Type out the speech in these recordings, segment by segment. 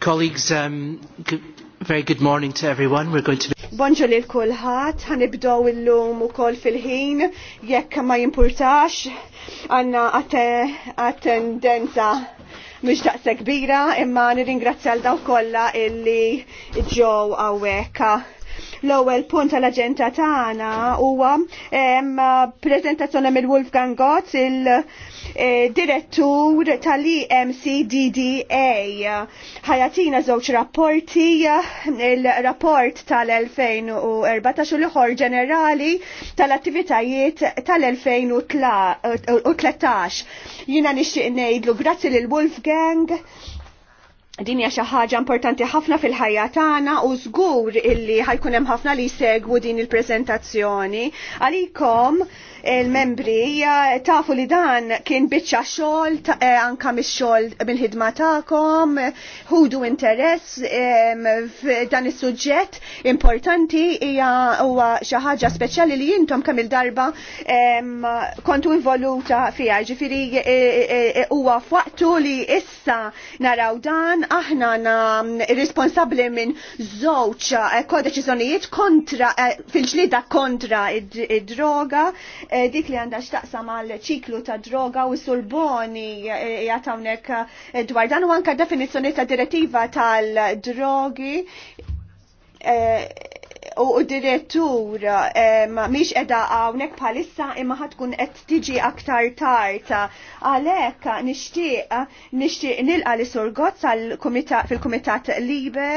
Colleagues, um, very good morning to everyone. We're going to Bonġol il kulħadd ħanibdow illum ukoll fil-ħin, jekk ma jimpurtax, għandna attendenza mhux daqsa kbira, imma nirringrazzja l daw kollha illi ġew hawnhekk L-ewwel punt tal-aġenda tagħna huwa prezentazzjoni mill Wolfgang Gotz il-direttur tal-EMCDDA. Ħajatina żewġ rapporti il-rapport tal-2014 u l-ħor ġenerali tal-attivitajiet tal-2013. Jina nixtieq ngħidlu grazzi lil Wolfgang din hija xi ħaġa importanti ħafna fil-ħajja tagħna u żgur illi ħajkun hemm ħafna li jsegwu din il-preżentazzjoni. Għalikom il-membri tafu li dan kien bitċa xol eh, anka mis-xol bil-ħidma ta'kom, ħudu interess f'dan is-suġġett importanti hija huwa xi ħaġa speċjali li jintom kemm il-darba kontu involuta fiha. Ġifieri e, e, e, huwa f'waqtu li issa naraw dan aħna responsabbli minn żewġ eh, kodeċiżjonijiet kontra eh, fil-ġlida kontra id-droga Eh, dik li għandha x'taqsam għal ċiklu ta' droga u sulboni eh, jatawnek eh, dwar dan u anka definizzjoni ta' direttiva tal-drogi u direttur eh, miex edha għawnek palissa imma ħatkun qed tiġi aktar tarta. Għalek nishtiq nishtiq nilqa li sorgot fil-komitat libe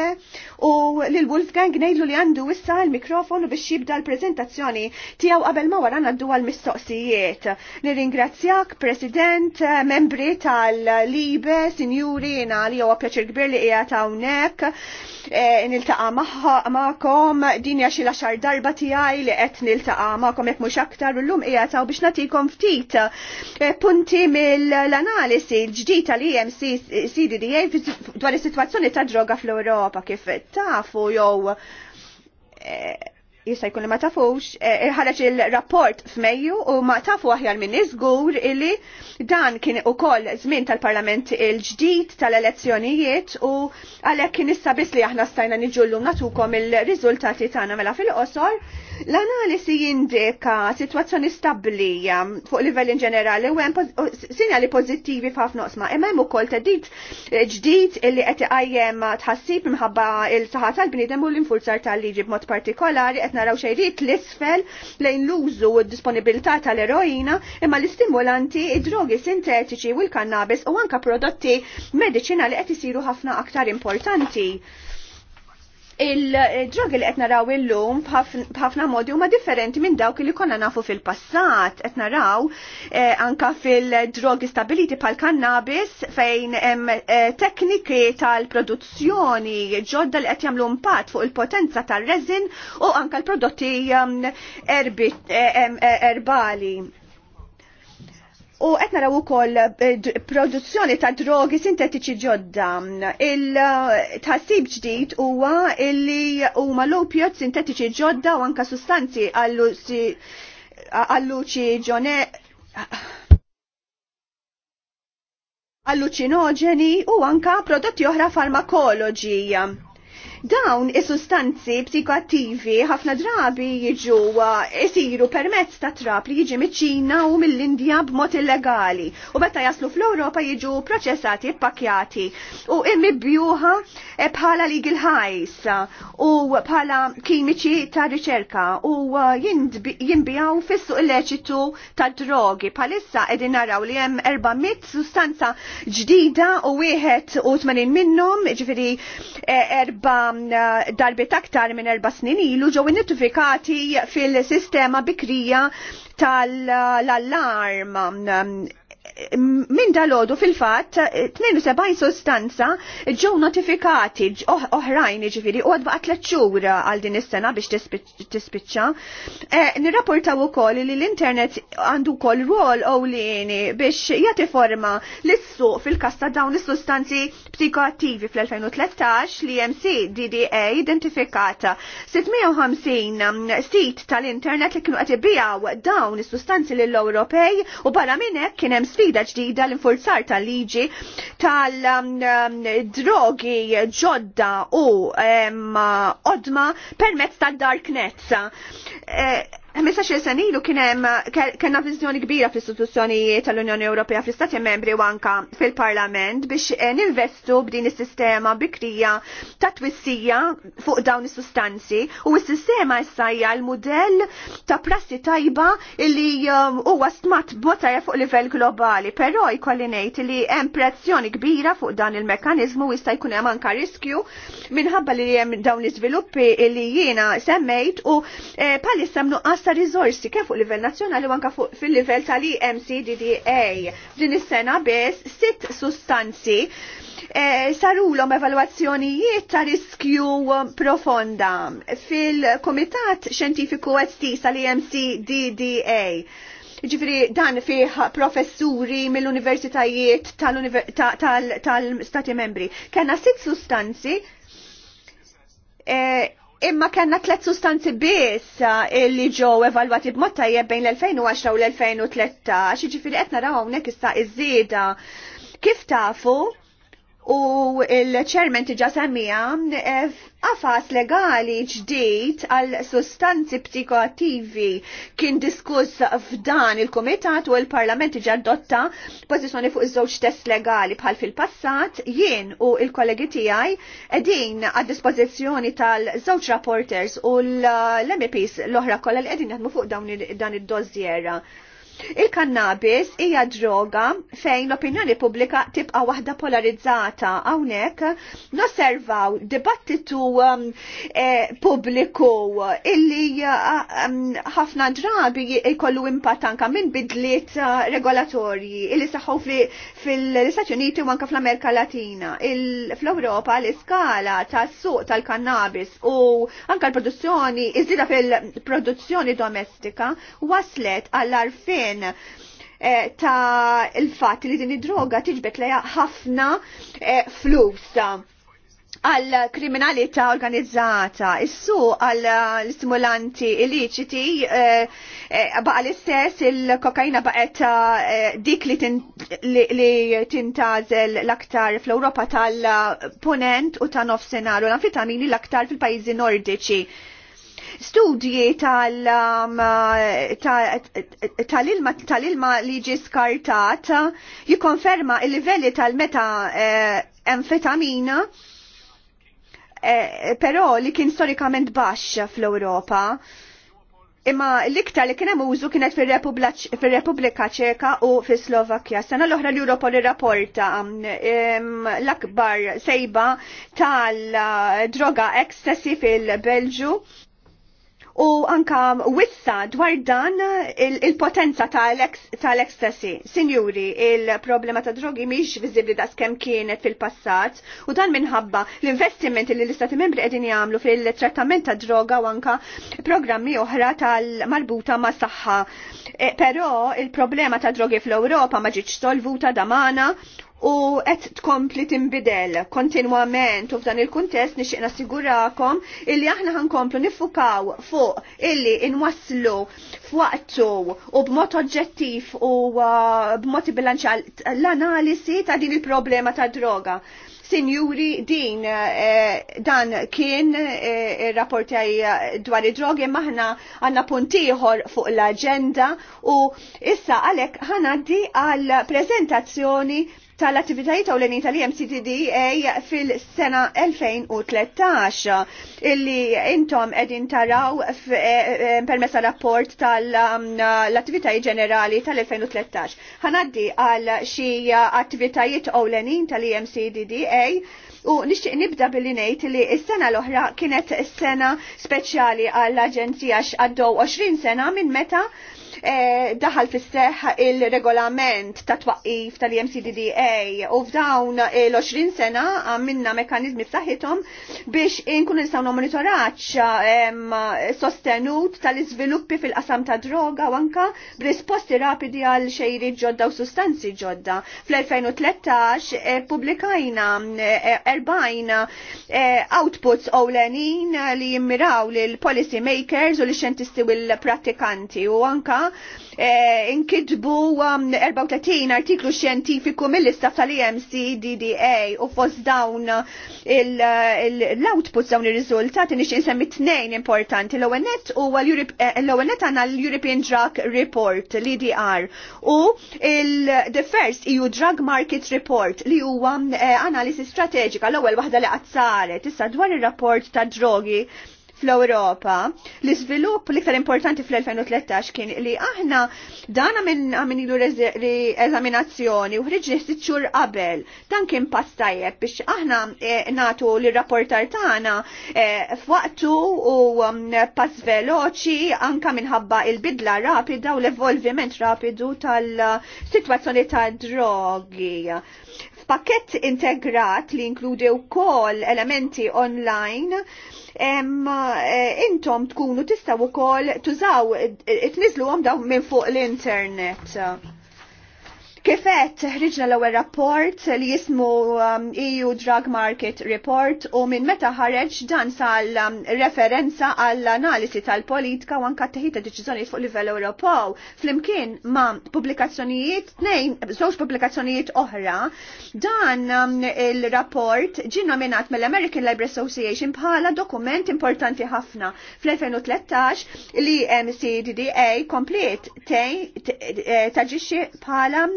u lil Wolfgang ngħidlu li għandu issa l-mikrofonu biex jibda l-prezentazzjoni tiegħu qabel ma wara għandu għal-mistoqsijiet. Nirringrazzjak, President, membri tal-libe, sinjuri, li huwa pjaċir kbir li qiegħed hawnhekk, eh, niltaqa' di dini xi laxar darba tiegħi li qed niltaqa' magħkom jekk mhux aktar u llum qiegħed taw biex nagħtikom ftit eh, punti mill-analisi l-ġdid tal EMC CDDA dwar is-sitwazzjoni ta' droga fl-Ewropa kif tafu jew eh, jista' jkun li ma tafux, eh, ħareġ il-rapport f'Mejju u ma tafu aħjar minn iżgur illi dan kien ukoll żmien tal-Parlament il-ġdid tal-elezzjonijiet u għalhekk kien issa biss li aħna stajna niġullu natukom il-riżultati tagħna mela fil-qosor L-analisi jindika situazzjoni stabbli fuq livell in ġenerali u hemm sinjali pożittivi faf noqsma. Imma hemm ukoll tedid eh, ġdid illi qed iqajjem tħassib mħabba il-saħħa tal-bniedem u l-infurzar tal-liġi b'mod partikolari qed naraw xejrit l-isfel lejn l-użu u d-disponibilità tal-eroina imma l istimulanti id-drogi sintetiċi u l-kannabis u anka prodotti mediċinali qed isiru ħafna aktar importanti il-drogi li qed naraw illum b'ħafna modi huma differenti minn dawk li konna nafu fil-passat qed naraw eh, anka fil-drogi stabiliti pal kannabis fejn hemm eh, tekniki tal-produzzjoni ġodda li qed jagħmlu impatt fuq il-potenza tar-resin u anka l-prodotti mm, eh, erbali. U qed naraw ukoll eh, produzzjoni ta' drogi sintetiċi ġodda. Il-tħassib eh, ġdid huwa illi huma l-opjod sintetiċi ġodda u anka sustanzi alluċi ġone alluċinogeni u anka prodotti oħra farmakoloġi. Dawn is-sustanzi psikoattivi ħafna drabi jiġu jisiru uh, permezz ta' trap li jiġi miċ-Ċina u mill-Indja b'mod illegali u meta jaslu fl-Ewropa jiġu proċessati e pakjati u mibjuha e, bħala legal highs u bħala kimiċi ta' riċerka u uh, jinbijaw fissu illeċitu ta' drogi palissa qegħdin naraw li hemm 400 sustanza ġdida u wieħed u 80 minnhom ġifieri e, erba' Eh, darbit aktar minn erba snin ilu ġew notifikati fil-sistema bikrija tal-allarm Min dalodu fil-fatt 72 sostanza ġew notifikati oħrajn ġifiri u għadba tliet għal din is-sena biex tispiċċa. Eh, nirrapportaw ukoll li l-internet għandu wkoll rol ewlieni biex jati forma lis-suq fil-kasta dawn is-sustanzi psikoattivi fl-2013 li MC DDA identifikata 650 mm, sit tal-internet li kienu qed dawn is-sustanzi lill-Ewropej u barra minn hekk kien hemm sfida gwida ġdida l-infurzar tal-liġi tal-drogi um, um, ġodda u um, odma permezz tal-darknet. Eh, Missa xil senilu kienem kena vizjoni kbira fl-istituzzjonijiet tal-Unjoni Ewropea fl-Istati membri u anka fil-Parlament biex eh, ninvestu b'din is-sistema bikrija ta' twissija fuq dawn is-sustanzi u s-sistema issajja l-modell ta' prassi tajba li um, huwa stmat botaja fuq livell globali, però jkolli ngħid li hemm pressjoni kbira fuq dan il-mekkaniżmu jista' jkun hemm anka riskju minħabba li hemm dawn l-iżviluppi li jiena semmejt u eh, palissa mnuqqas ta' riżorsi kemm fuq livell nazzjonali u anke fil-livell tal-EMCDDA. Din is-sena biss sitt sustanzi e, sarulhom evalwazzjonijiet ta' riskju profonda fil-Kumitat Xjentifiku Estis tal-EMCDDA. Ġifri dan fih professuri mill-universitajiet tal-stati membri. Kena sitt sustanzi e, Imma kanna tlet sustanzi biss eh, li ġew evalwati b'motta tajjeb bejn l-2010 u l-2013, ġifieri qed naraw hawnhekk issa iż-żieda. Kif tafu? u il-ċermen tiġa semmija għafas eh, legali ġdijt għal sustanzi psikoattivi kien diskuss f'dan il-komitat u il-parlament tiġa dotta pozizjoni fuq iż-żewġ test legali bħal fil-passat jien u il-kollegi tiegħi qegħdin għad dispożizzjoni tal-żewġ rapporters u l-MPs l-oħra kollha li qegħdin jaħdmu fuq dan id-dożjera. Il-kannabis hija droga fejn l-opinjoni pubblika tibqa' waħda polarizzata hawnhekk nosservaw dibattitu um, eh, pubbliku illi eh, um, ħafna drabi jkollu impatt anka minn bidliet eh, regolatorji illi saħħu fi fil-Istati Uniti u anka fl-Amerika Latina. Fl-Europa l-iskala tas-suq tal-kannabis u anka l-produzzjoni, iżdida fil-produzzjoni domestika waslet għall-arfin eh, ta' il-fat li din id-droga tiġbet leja ħafna eh, flus għal kriminalità organizzata. Issu għal l-stimulanti illiċiti eh, eh, baqa l-istess il-kokaina baqet eh, dik li tintazel l-aktar fl-Europa tal-ponent u ta' nofsenaru l-anfitamini l-aktar fil pajzi nordiċi studji um, tal-ilma li ġi skartat jikonferma il-livelli tal-meta eh, amfetamina Eh, però li kien storikament baxx fl-Ewropa. Imma l-iktar li kienem użu kienet fil-Repubblika Ċeka u fis Slovakkja. Sena l-oħra l europa li rapporta l-akbar sejba tal-droga eh, ekstasi fil-Belġu u anka wissa dwar dan il-potenza il tal-ekstasi. Sinjuri, il-problema ta' drogi miex viżibli da' skem kienet fil-passat u dan minħabba l-investiment li l-istati membri edin jamlu fil-trattament ta' droga u anka programmi oħra tal-marbuta ma' saħħa. E, pero il-problema ta' drogi fl-Europa ma ġiċ solvuta damana u qed tkompli timbidel kontinwament u f'dan il-kuntest nixtieq nassigurakom illi aħna ħankomplu nifukaw fuq illi inwasslu f'waqtu u b'mod oġġettiv u uh, b'mod bilanċjal l-analisi ta' din il-problema ta' droga. Sinjuri din eh, dan kien eh, rapportaj dwar id-drogi maħna għanna puntiħor fuq l-agenda u issa għalek ħanaddi għal prezentazzjoni tal-attivitajiet ta ewlenin tal-MCTDA fil-sena 2013 illi intom edin taraw eh, eh, eh, permessa rapport tal-attivitajiet um, ġenerali tal-2013. Ħanaddi għal xi attivitajiet ewlenin tal-MCDDA u nixtieq nibda billi ngħid li s-sena l-oħra kienet s sena speċjali għall-Aġenzija x'għaddew 20 sena minn meta Eh, daħal fis il-regolament ta' twaqif tal-MCDDA u f'dawn l-20 sena għamilna mekanizmi b'saħħithom biex inkunu nistgħu monitoraġġ sostenut tal-iżviluppi fil-qasam ta' droga u anka b'risposti rapidi għal xejri ġodda u sustanzi ġodda. Fl-2013 eh, publikajna 40 eh, outputs ewlenin li jimmiraw l policy makers u l xjentisti u l-prattikanti u anka Eh, inkidbu 34 um, artiklu xjentifiku mill-istaf tal emc DDA u fost dawn eh, eh, l-outputs dawn ir-riżultati nix insemmi tnejn importanti l-ONET u l-ONET għanna l-European Drug Report l-EDR u the first EU Drug Market Report li huwa analisi strateġika l-ewwel waħda li qatt saret issa dwar ir-rapport ta' drogi fl-Europa. L-izvilupp l-iktar importanti fl-2013 kien li aħna minn għamin ilu eżaminazzjoni u ħriġni s-sitxur qabel. Dan kien pastajjeb biex aħna eh, natu li rapportar tana eh, f'waqtu u um, pass veloċi anka minħabba il-bidla rapida u l-evolviment rapidu tal-situazzjoni tad-drogi pakket integrat li inkludi u kol elementi online Eh, intom tkunu tistaw ukoll tużaw eh, eh, tniżluhom dawn minn fuq l-internet. Kifet, ħriġna l ewwel rapport li jismu um, EU Drug Market Report u minn meta ħareġ dan sal um, referenza għall analisi tal-politika u anka teħita deċizjoni fuq livell Ewropew. Flimkien ma' pubblikazzjonijiet, nejn, żewġ pubblikazzjonijiet oħra, dan um, il-rapport ġin nominat mill-American Library Association bħala dokument importanti ħafna fl-2013 li MCDDA komplet taġixxi bħala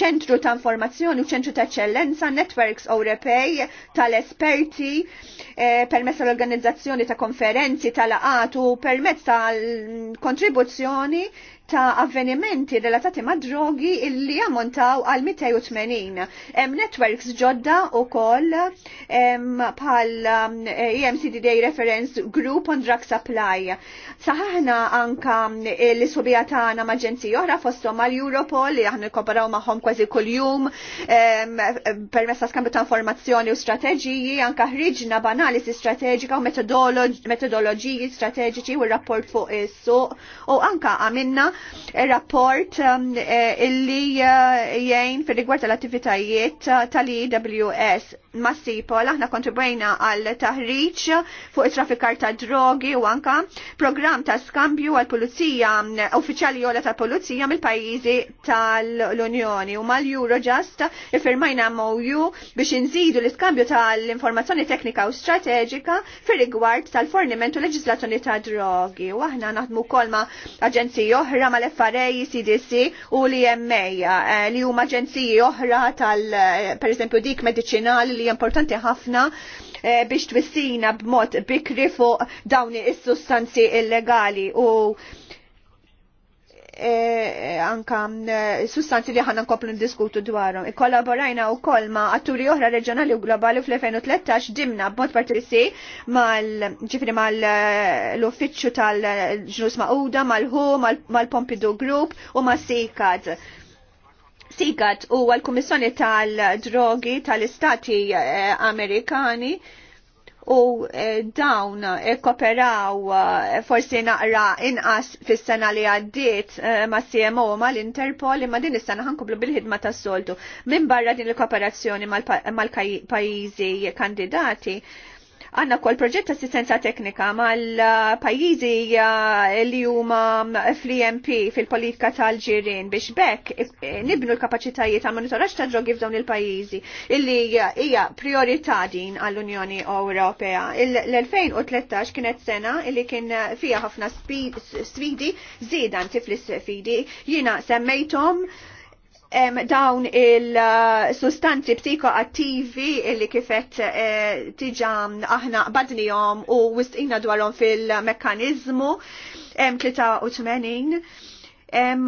ċentru ta' informazzjoni u ċentru ta' eccellenza, networks Ewropej tal-esperti eh, permezz tal-organizzazzjoni ta' konferenzi, tal-laqat u permezz tal-kontribuzzjoni ta' avvenimenti relatati ma' drogi illi jammontaw għal 280. Hemm networks ġodda u koll pal EMCDD e Reference Group on Drug Supply. Saħħna anka l subija tagħna ma' ġenzi oħra fosthom mal Europol li aħna nikkooperaw magħhom kważi kuljum per messa skambju ta' informazzjoni u strateġiji anka ħriġna banalisi strateġika u metodoloġiji strateġiċi u rapport fuq is-suq u anka għamilna rapport um, eh, illi eh, jgħin fil-rigward tal-attivitajiet tal-EWS ma' aħna kontribwejna għal taħriġ fuq it-traffikar ta' drogi u anka program ta' skambju għal pulizija mm, uffiċjali jola ta' pulizija mill-pajjiżi tal-Unjoni u mal-Eurojust firmajna MOU biex inżidu l-iskambju tal-informazzjoni teknika u strateġika fir-rigward tal-forniment u leġislazzjoni ta' drogi. U aħna naħdmu wkoll ma' aġenziji oħra mal-FRA, CDC u l-EMA eh, li huma aġenziji oħra tal eh, per dik mediċinali li hija importanti ħafna eh, biex twissina b'mod bikri fuq dawn is-sustanzi illegali u eh, anka eh, sustanzi li ħana n diskutu dwarhom. Ikkollaborajna wkoll ma' atturi oħra reġjonali u globali fl-2013 dimna b'mod partisi mal ġifri mal l-uffiċċju tal-ġnus Uda, mal hu mal-Pompidu Group u ma' Sikad sigat u għal-Kummissjoni tal-Drogi tal-Istati eh, Amerikani u eh, dawn eh, kooperaw forsi naqra inqas fis-sena li għaddiet ma' CMO ma' l-Interpol imma din is-sena ħankublu bil-ħidma tas-soltu. Minn barra din il-kooperazzjoni mal-pajjiżi kandidati Għanna kol proġett assistenza teknika mal-pajizi eh, eh, li huma fl-EMP fil-politika tal-ġirin biex bekk eh, nibnu l-kapacitajiet għal monitoraġġ ta' drogi f'dawn il-pajizi illi hija priorità din għall-Unjoni Ewropea. L-2013 kienet sena illi kien fija ħafna sfidi, zidan tifli sfidi, jina semmejtom em, dawn il-sustanzi uh, psikoattivi illi kifet uh, eh, tiġam mm, aħna badnijom u wistqina dwarom fil-mekkanizmu 83 em, em,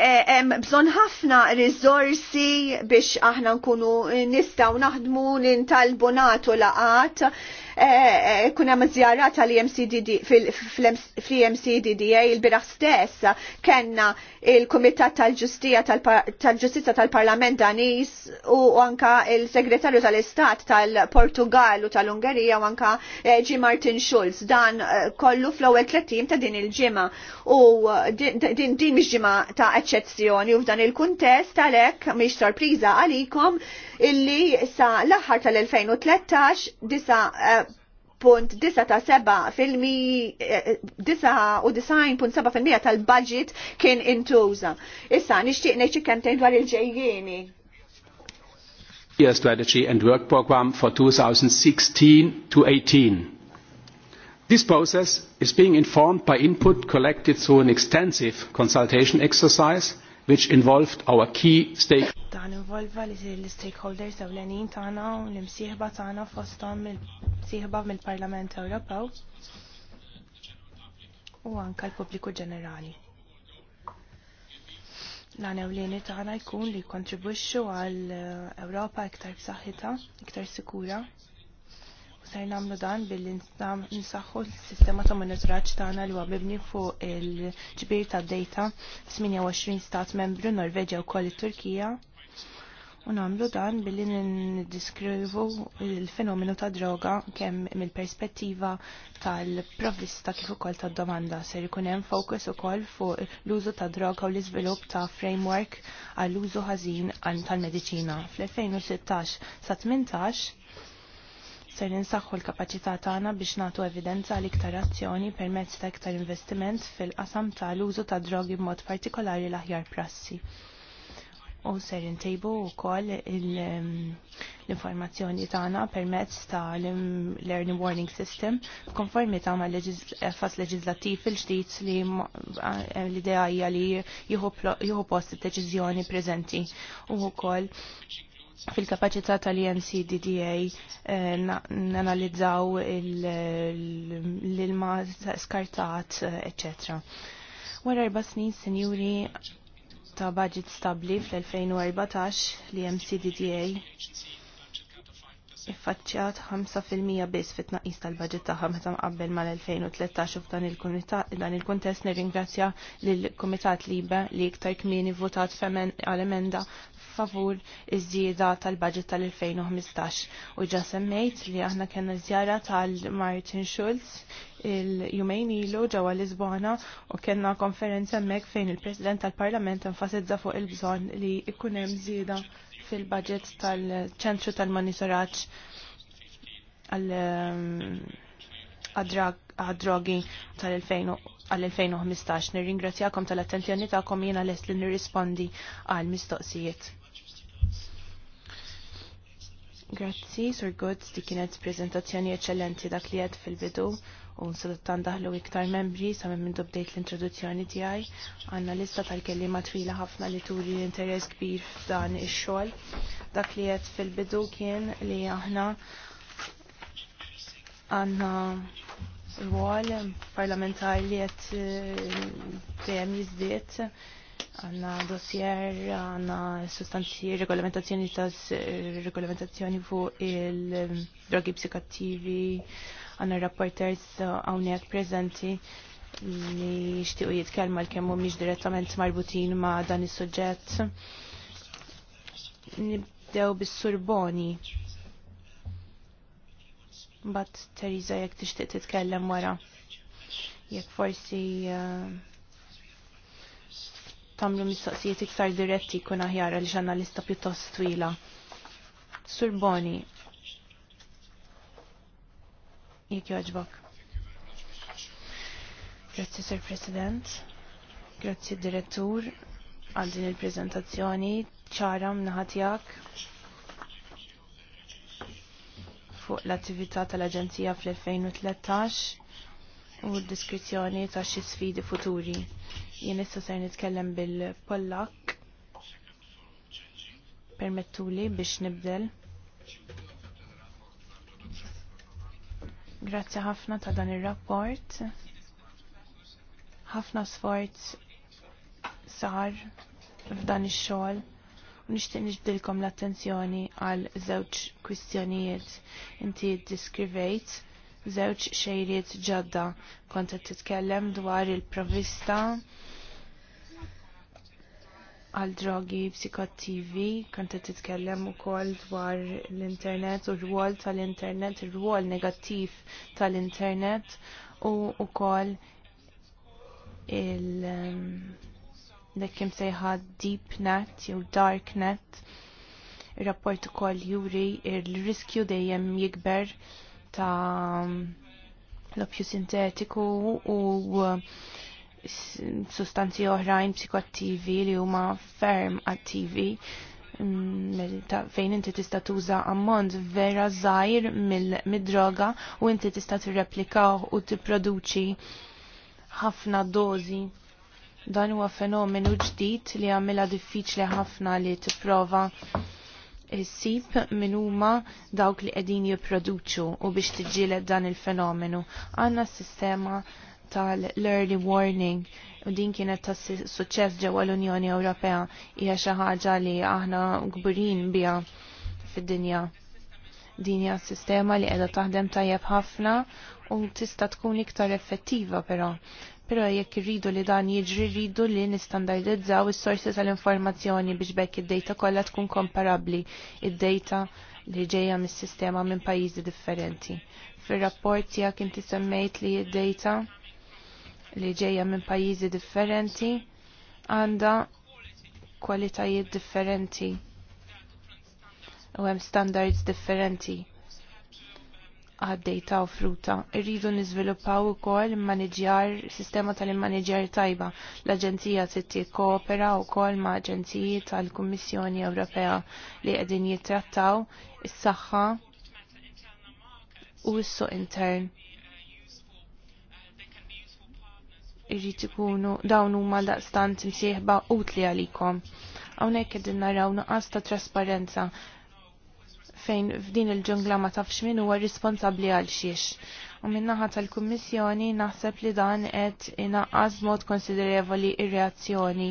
eh, bżon ħafna rizorsi biex aħna nkunu nistaw naħdmu nintalbu natu laqat Eh, eh, kuna mażjara tal-EMCDD fl-EMCDDA il-biraħ stess kenna il-Kumitat tal-Ġustija tal-Ġustizza tal-Parlament Danis u anka il-Segretarju tal-Istat tal-Portugal u tal-Ungerija u anka G. Eh, Martin Schulz dan kollu fl-ewwel tlettim ta' din il-ġimgħa u din din mhix ġimgħa ta' eċċezzjoni u f'dan il-kuntest għalhekk mhix sorpriża għalikom illi sa l-aħħar tal-2013 disa eh, punt disa ta' seba filmi eh, disa u design punt seba filmija tal-budget kien intuża. Issa nixtieq ngħid kemtejn dwar il-ġejjieni. Year strategy and work program for 2016 to 18. This process is being informed by input collected through an extensive consultation exercise which involved our key stakeholders għan involva li l-stakeholders ewlenin tagħna u l-imsieħba tagħna fosthom il-sieħba mill-Parlament Ewropew u anka l-pubbliku ġenerali. L-għan ewlieni tagħna jkun li jkontribwixxu għal eh, Ewropa iktar b'saħħitha, iktar sikura. U sajn nagħmlu dan billi nsaħħu s-sistema ta' monitoraċ tagħna li huwa mibni fuq il-ġbir tad-data 28 stat membru Norveġja wkoll it-Turkija u nagħmlu dan billi niddiskrivu il-fenomenu ta' droga kemm mill-perspettiva tal-provvista kif ukoll tad-domanda ser ikun hemm fokus ukoll fuq l-użu ta' droga u l-iżvilupp ta' framework għall użu ħażin tal-mediċina. Fl-2016 sa 18 ser ninsaħħu l-kapaċità tagħna biex nagħtu evidenza għal iktar azzjoni permezz ta' iktar investiment fil-qasam tal-użu ta' drogi b'mod partikolari l-aħjar prassi u ser u wkoll um, l-informazzjoni tagħna permezz ta' l-Learning Warning System ta' ma' fas leġislattiv il ġdijt li l-idea hija li jieħu post id-deċiżjoni preżenti u wkoll fil-kapacità tal-EMCDDA eh, nanalizzaw l-ilma skartat, eh, etc. Wara erba snin, senjuri, ta' budget stabli fl-2014 li hemm CDDA iffaċċjat 5% biss fit-tnaqqis tal-budget tagħha meta mqabbel mal-2013 f'dan il-dan il-kuntest nirringrazzja lill-Kumitat Liba li iktar kmieni votat għal emenda favur iż-żieda tal-budget tal-2015 u ġa semmejt li aħna kellna żjara tal-Martin Schulz il-jumejn ilu ġewwa Lisbona u kellna konferenza hemmhekk fejn il-President tal-Parlament enfasizza fuq il-bżonn li jkun hemm żieda fil-budget tal-ċentru tal-monitoraġġ ehm, għad-drogi tal-2015. Nirringrazzjakom tal-attenzjoni tagħkom jiena lest li nirrispondi għal mistoqsijiet. Grazzi, Sur Goods, di kienet prezentazzjoni eccellenti dak li fil-bidu u nsiluttan daħlu iktar membri sa' minn dobdejt l-introduzzjoni tiegħi. Għandna lista tal-kelliema twila ħafna li turi interess kbir f'dan ix-xogħol. Dak li jett fil-bidu kien li aħna għandna rwol parlamentar li jett eh, dejjem jiżdied għanna dossier, għanna sostanzi regolamentazzjoni tas eh, regolamentazzjoni fuq il-drogi psikattivi, għanna rapporters uh, għawnek prezenti li xtiqu jitkelma l-kemmu miex direttament marbutin ma dan is suġġett Nibdew bis-Surboni. Bat Teresa jek tixtieq titkellem wara. Jekk forsi uh, tamlu mistoqsijiet iktar diretti kun aħjar għal ġurnalista pjuttost twila. Surboni, jek joġbok. Grazzi, Sir President. Grazzi, Direttur, għal din il-prezentazzjoni ċara mnaħatjak fuq l-attività tal-Aġenzija fl-2013 u l-diskrizzjoni ta' xi sfidi futuri. Jien issa ser nitkellem bil-Pollak. Permettuli biex nibdel. Grazzi ħafna ta' dan ir-rapport. Ħafna sforz sar f'dan ix-xogħol u nixtieq niġbdilkom l-attenzjoni għal żewġ kwistjonijiet inti ddiskrivejt żewġ xejriet ġodda kont qed titkellem dwar il-provista għal drogi psikattivi, kanta titkellem u koll dwar l-internet u r-rwol tal-internet, r-rwol negattiv tal-internet u u koll il- um, dekkim sejħa deep net jew dark net rapport rapport ukoll juri il-riskju dejjem jikber ta' um, l-opju sintetiku u sustanzi oħrajn psikoattivi li huma ferm attivi mm, fejn inti tista' tuża ammont vera żgħir mid-droga u inti tista' tirreplikaw u tipproduċi ħafna dożi dan huwa fenomenu ġdid li għamilha diffiċli ħafna li tipprova sib minn huma dawk li qegħdin jipproduċu u biex tiġġieled dan il-fenomenu. Għandna s-sistema tal-early warning u din kienet ta' suċċess ġewwa l-Unjoni Ewropea hija xi ħaġa li aħna gburin biha fid-dinja. Din hija sistema li qiegħda taħdem tajjeb ħafna u tista' tkun iktar effettiva però. Però jekk irridu li dan jiġri rridu li nistandardizzaw is-sorsi tal-informazzjoni biex bekk id-data kollha tkun komparabbli id-data li ġejja mis-sistema minn pajjiżi differenti. Fir-rapport tiegħek inti semmejt li id-data li ġejja minn pajjiżi differenti għandha kwalitajiet differenti u hemm standards differenti għaddejta u fruta. Irridu niżviluppaw ukoll maniġjar sistema tal-maniġjar tajba. L-Aġenzija titti koopera wkoll ma' aġenziji tal-Kummissjoni Ewropea li qegħdin jittrattaw is-saħħa u s-suq intern irrid ikunu dawn huma daqstant imsieħba utli għalikom. Hawnhekk qegħdin naraw nuqqas ta' trasparenza fejn f'din il-ġungla ma tafx min huwa responsabbli għal xiex. U minnaħa tal-Kummissjoni naħseb li dan qed inaqqas mod konsiderevoli ir-reazzjoni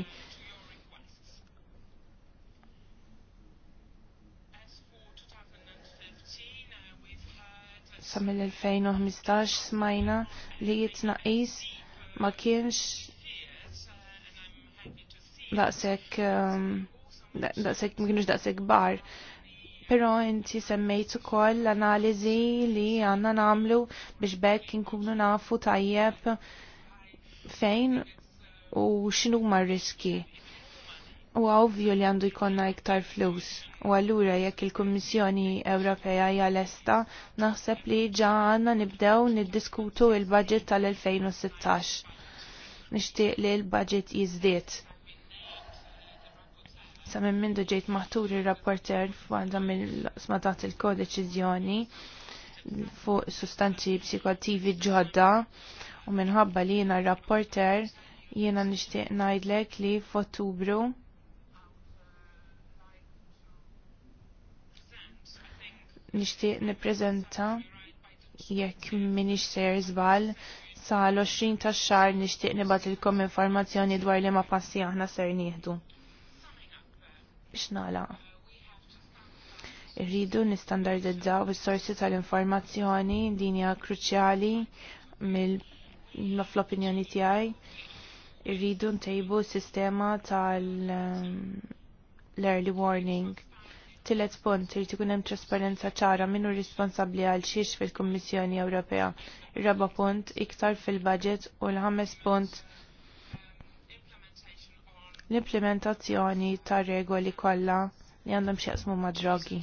sa mill-2015 smajna li jitnaqis ma kienx daqsek um, daqsek ma kienx daqsek bar. Pero inti semmejt ukoll l-analiżi li għandna namlu biex bekk inkunu nafu tajjeb fejn u x'inhu ma riski U ovvju li għandu jkonna iktar flus. U għallura jekk il-Kummissjoni Ewropea hija lesta, naħseb li ġa għandna nibdew niddiskutu il-budget tal-2016. Nixtieq li l-budget jiżdied. Sa minn mindu ġejt maħtur ir-rapporter f'għandha mill-smatat il kodeċizjoni fuq sustanzi psikotivi ġodda u minħabba li jiena rapporter jiena nixtieq ngħidlek li f'Ottubru nixtieq nippreżenta jekk minix ser zbal sa l-20 ta' xar nixtieq nibatilkom informazzjoni dwar li ma passi aħna ser nieħdu. Bix nala. Irridu nistandardizzaw is-sorsi tal-informazzjoni din hija kruċjali mill fl-opinjoni tiegħi. Irridu ntejbu s-sistema tal ehm, early warning Tillet punt li ikun hemm trasparenza ċara minnu responsabbli għal xiex fil-Kummissjoni Ewropea. Ir-raba punt iktar fil-budget u l-ħames punt l-implementazzjoni tar regoli kollha li għandhom x'jaqsmu ma' drogi.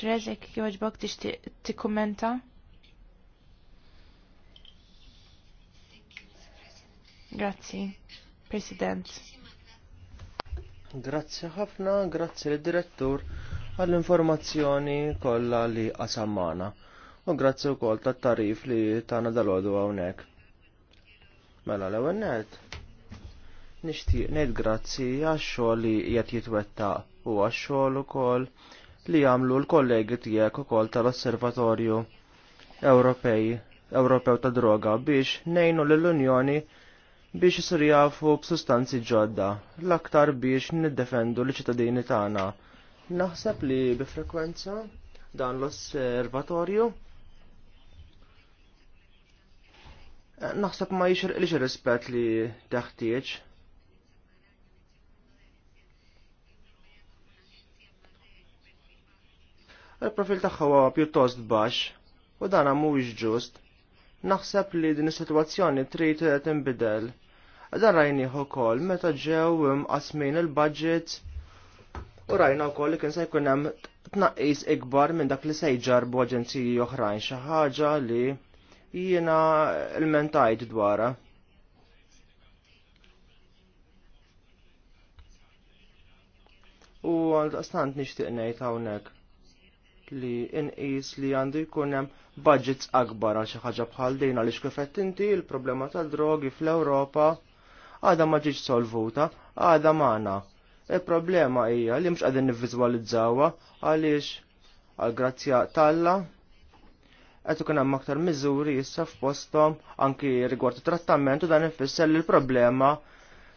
Trezek jogħġbok tixtieq tikkumenta? Grazzi, President. Grazzi ħafna, grazzi l direttur għall-informazzjoni kollha li qasammana. U grazzi wkoll tat-tarif li tagħna dalodu hawnhekk. Mela l-ewwel nixtieq ngħid grazzi għax-xogħol li qed jitwettaq u għax-xogħol ukoll li jagħmlu l-kollegi tiegħek ukoll tal-Osservatorju Ewropej Ewropew ta' droga biex ngħinu lill unjoni biex jisir jafu b'sustanzi ġodda, l-aktar biex niddefendu l-ċittadini tagħna. Naħseb li bi frekwenza dan l-osservatorju eh, naħseb ma jixir il rispett li teħtieġ. Il-profil tagħha huwa pjuttost baxx u dan mhuwiex ġust. Naħseb li din is-sitwazzjoni trid tinbidel. Dan rajnieh ukoll meta ġew imqasmin il-budget u rajna wkoll li kien se jkun hemm tnaqqis ikbar minn dak li se jġarbu aġenziji oħrajn xi ħaġa li jiena l-mentajt dwarha. U għal-stant nishtiq nejt hawnhekk li inqis li għandu jkun hemm budgets akbar għal xi ħaġa bħal din għaliex kif qed inti l-problema tal-drogi fl-Ewropa għadha ma ġiġ solvuta, għadha magħna. Il-problema hija li mhux qegħdin nivviżwalizzawha għaliex għal grazzja talla qed ikun hemm aktar miżuri issa f'posthom anki rigward it trattament u dan ifisser li l-problema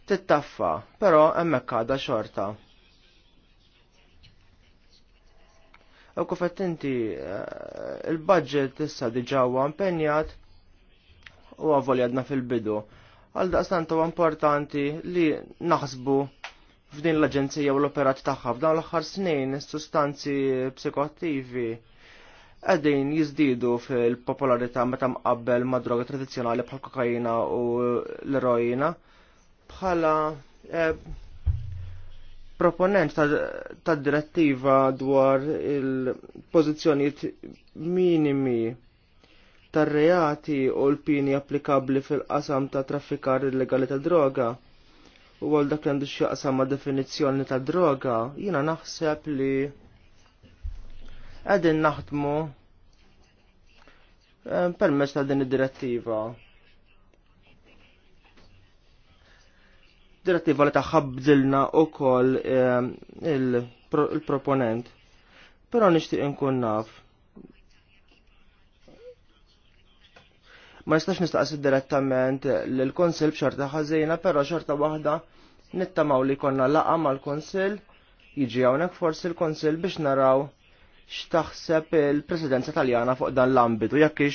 tittaffa, però hemmhekk għadha xorta U kif qed inti eh, il-budget issa diġà huwa impenjat u għavoli fil-bidu. Għal daqstant huwa importanti li naħsbu f'din l-aġenzija u l-operat tagħha f'dan l-aħħar snin sustanzi psikoattivi għedin jizdidu fil-popolarità meta mqabbel ma' droga tradizjonali bħal kokaina u l-erojina bħala eh, proponent ta' direttiva dwar il-pozizjoniet minimi tar reati u l-pini applikabli fil-qasam ta' traffikar illegali ta' droga. U għal dak għandu xaqsam ma' definizjoni ta' droga, jina naħseb li għedin naħdmu eh, permess ta' din id-direttiva. direttiva li taħħa bżilna u koll ehm, il-proponent. Pero nishtiq nkun naf. Ma nistax nistaqsi direttament l-konsil b'xorta ħażina, pero xorta waħda nittamaw li konna laqa mal-konsil, jiġi hawnhekk forsi l-konsil biex naraw x'taħseb il-presidenza taljana fuq dan l-ambitu jekk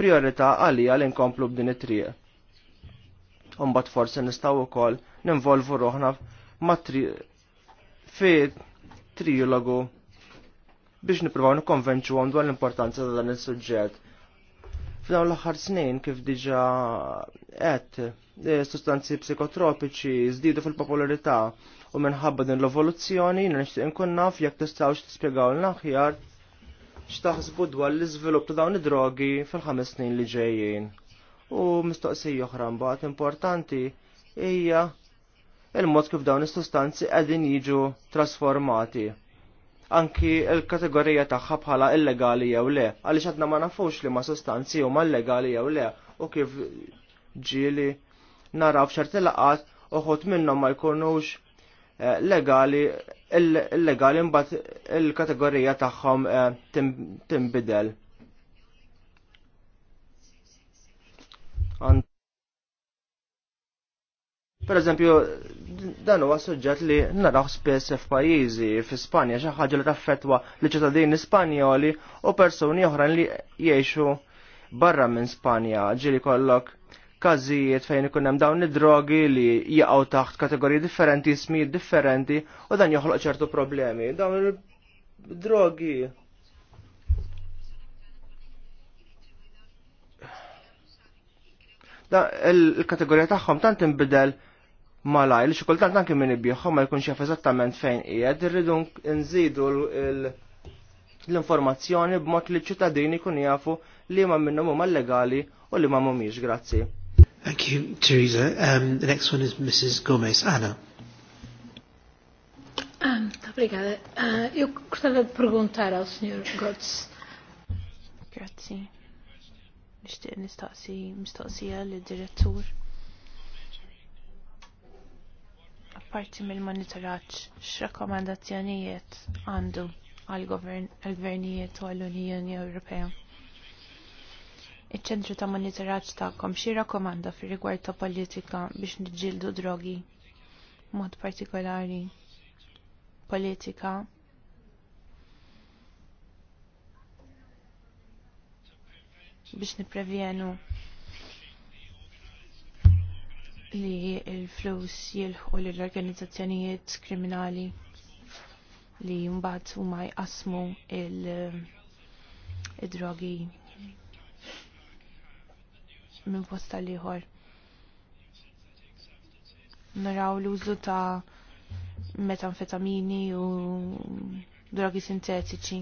priorita għalija li nkomplu b'din it-triq. Umbat forse nistaw ukoll ninvolvu roħna ma fi trilogu biex nippruvaw nikkonvenċu għom dwar l-importanza ta' dan is-suġġett. F'dawn l-aħħar snin kif diġa qed e, sustanzi psikotropiċi żdiedu fil-popolarità u minħabba din l-evoluzzjoni jiena nixtieq inkun naf jekk tistgħu tispjegaw l aħjar x'taħsbu dwar l-iżvilupp ta' dawn id-drogi fil-ħames snin li ġejjin u mistoqsija oħra mbaħt importanti hija il-mod kif dawn is-sustanzi qegħdin jiġu trasformati. Anki l-kategorija tagħha bħala illegali jew le, għaliex għadna ma nafux li ma sustanzi huma illegali jew le u kif ġieli naraw f'ċerti laqat uħut minnhom ma jkunux eh, legali illegali mbagħad il-kategorija tagħhom eh, timbidel. Per eżempju, dan huwa suġġett li naraw spess f'pajjiżi f'Ispanja xi ħaġa li taffettwa li ċittadini Spanjoli u persuni oħrajn li jgħixu barra minn Spanja, ġieli kollok każijiet fejn ikun hemm dawn id-drogi li jaqgħu taħt kategoriji differenti, smijiet differenti u dan joħloq ċertu problemi. Dawn il-drogi il-kategorija tagħhom tant inbidel malaj li xi kultant anke min ibieħhom ma jkunx jaf eżattament fejn qiegħed irridu nżidu l-informazzjoni b'mod li ċ-ċittadini jkun jafu li ma minnhom huma legali u li ma mhumiex grazzi. Thank you, Teresa. Um, the next one is Mrs. Gomez. Anna. Ah, obrigada. Ah, eu gostaria de perguntar ao Sr. Grazie nixtieq nistaqsi mistoqsija li direttur Apparti mill-monitoraġġ, x'rakkomandazzjonijiet għandu għall-gvernijiet u għall-Unjoni Ewropea? Iċ-ċentru ta' monitoraġġ tagħkom xi rakkomanda fir-rigward ta' politika biex niġġieldu drogi mod partikolari politika biex niprevjenu li l-flus jilħu l-organizzazzjonijiet kriminali li mbagħad huma jqasmu il-drogi minn posta liħor. Naraw l-użu ta' metanfetamini u drogi sintetiċi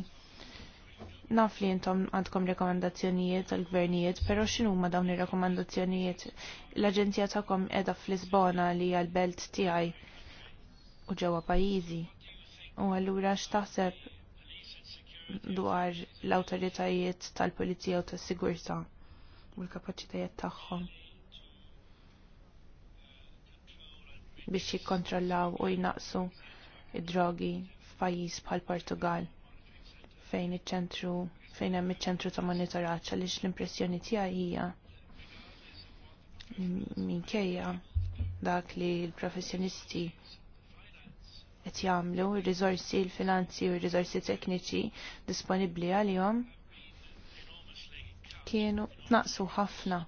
Naf li jintom għandkom rekomandazzjonijiet għal-gvernijiet, pero x'inhuma dawn ir-rekomandazzjonijiet? L-Aġenzija tagħkom qiegħda fl-Lisbona li għal belt tiegħi u ġewwa pajjiżi. U allura x'taħseb dwar l-awtoritajiet tal-Pulizija u tas-Sigurtà u l-kapaċitajiet tagħhom? biex jikkontrollaw u jnaqsu id-drogi f'pajjiż bħal Portugal fejn iċ-ċentru fejn hemm iċ-ċentru ta' monitoraġġ għaliex l-impressjoni tiegħi hija minkejja dak li l-professjonisti qed jagħmlu ir-riżorsi l-finanzi u r-riżorsi tekniċi disponibbli għalihom kienu tnaqsu ħafna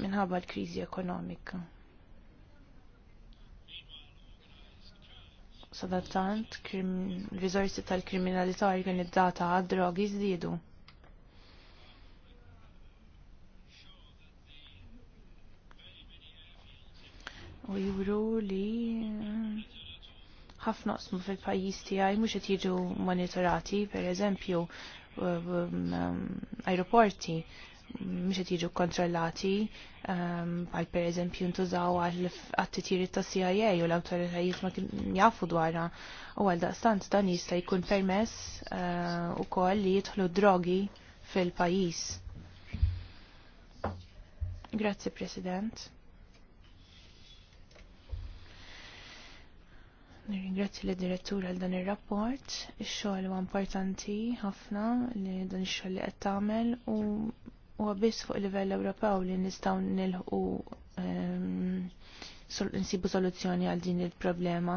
minħabba l-kriżi ekonomika. sadattant rizorsi tal-kriminalità organizzata għad-drogi żdiedu. U juru li eh, ħafna qsmu fil-pajjiż tiegħi mhux qed jiġu monitorati, pereżempju, eh, eh, aeroporti mhux qed jiġu kontrollati ehm, bħal pereżempju ntużaw għal għat-titjiri ta' CIA u l-awtoritajiet ma jafu dwarha u għal daqstant dan jista' jkun permess eh, ukoll li jidħlu drogi fil-pajjiż. Grazzi President. Nirringrazzi l direttura għal dan ir-rapport, ix-xogħol huwa importanti ħafna li dan ix-xogħol li qed tagħmel u u biss fuq livell Ewropew li nistgħu nilħu ehm, nsibu soluzzjoni għal din il-problema.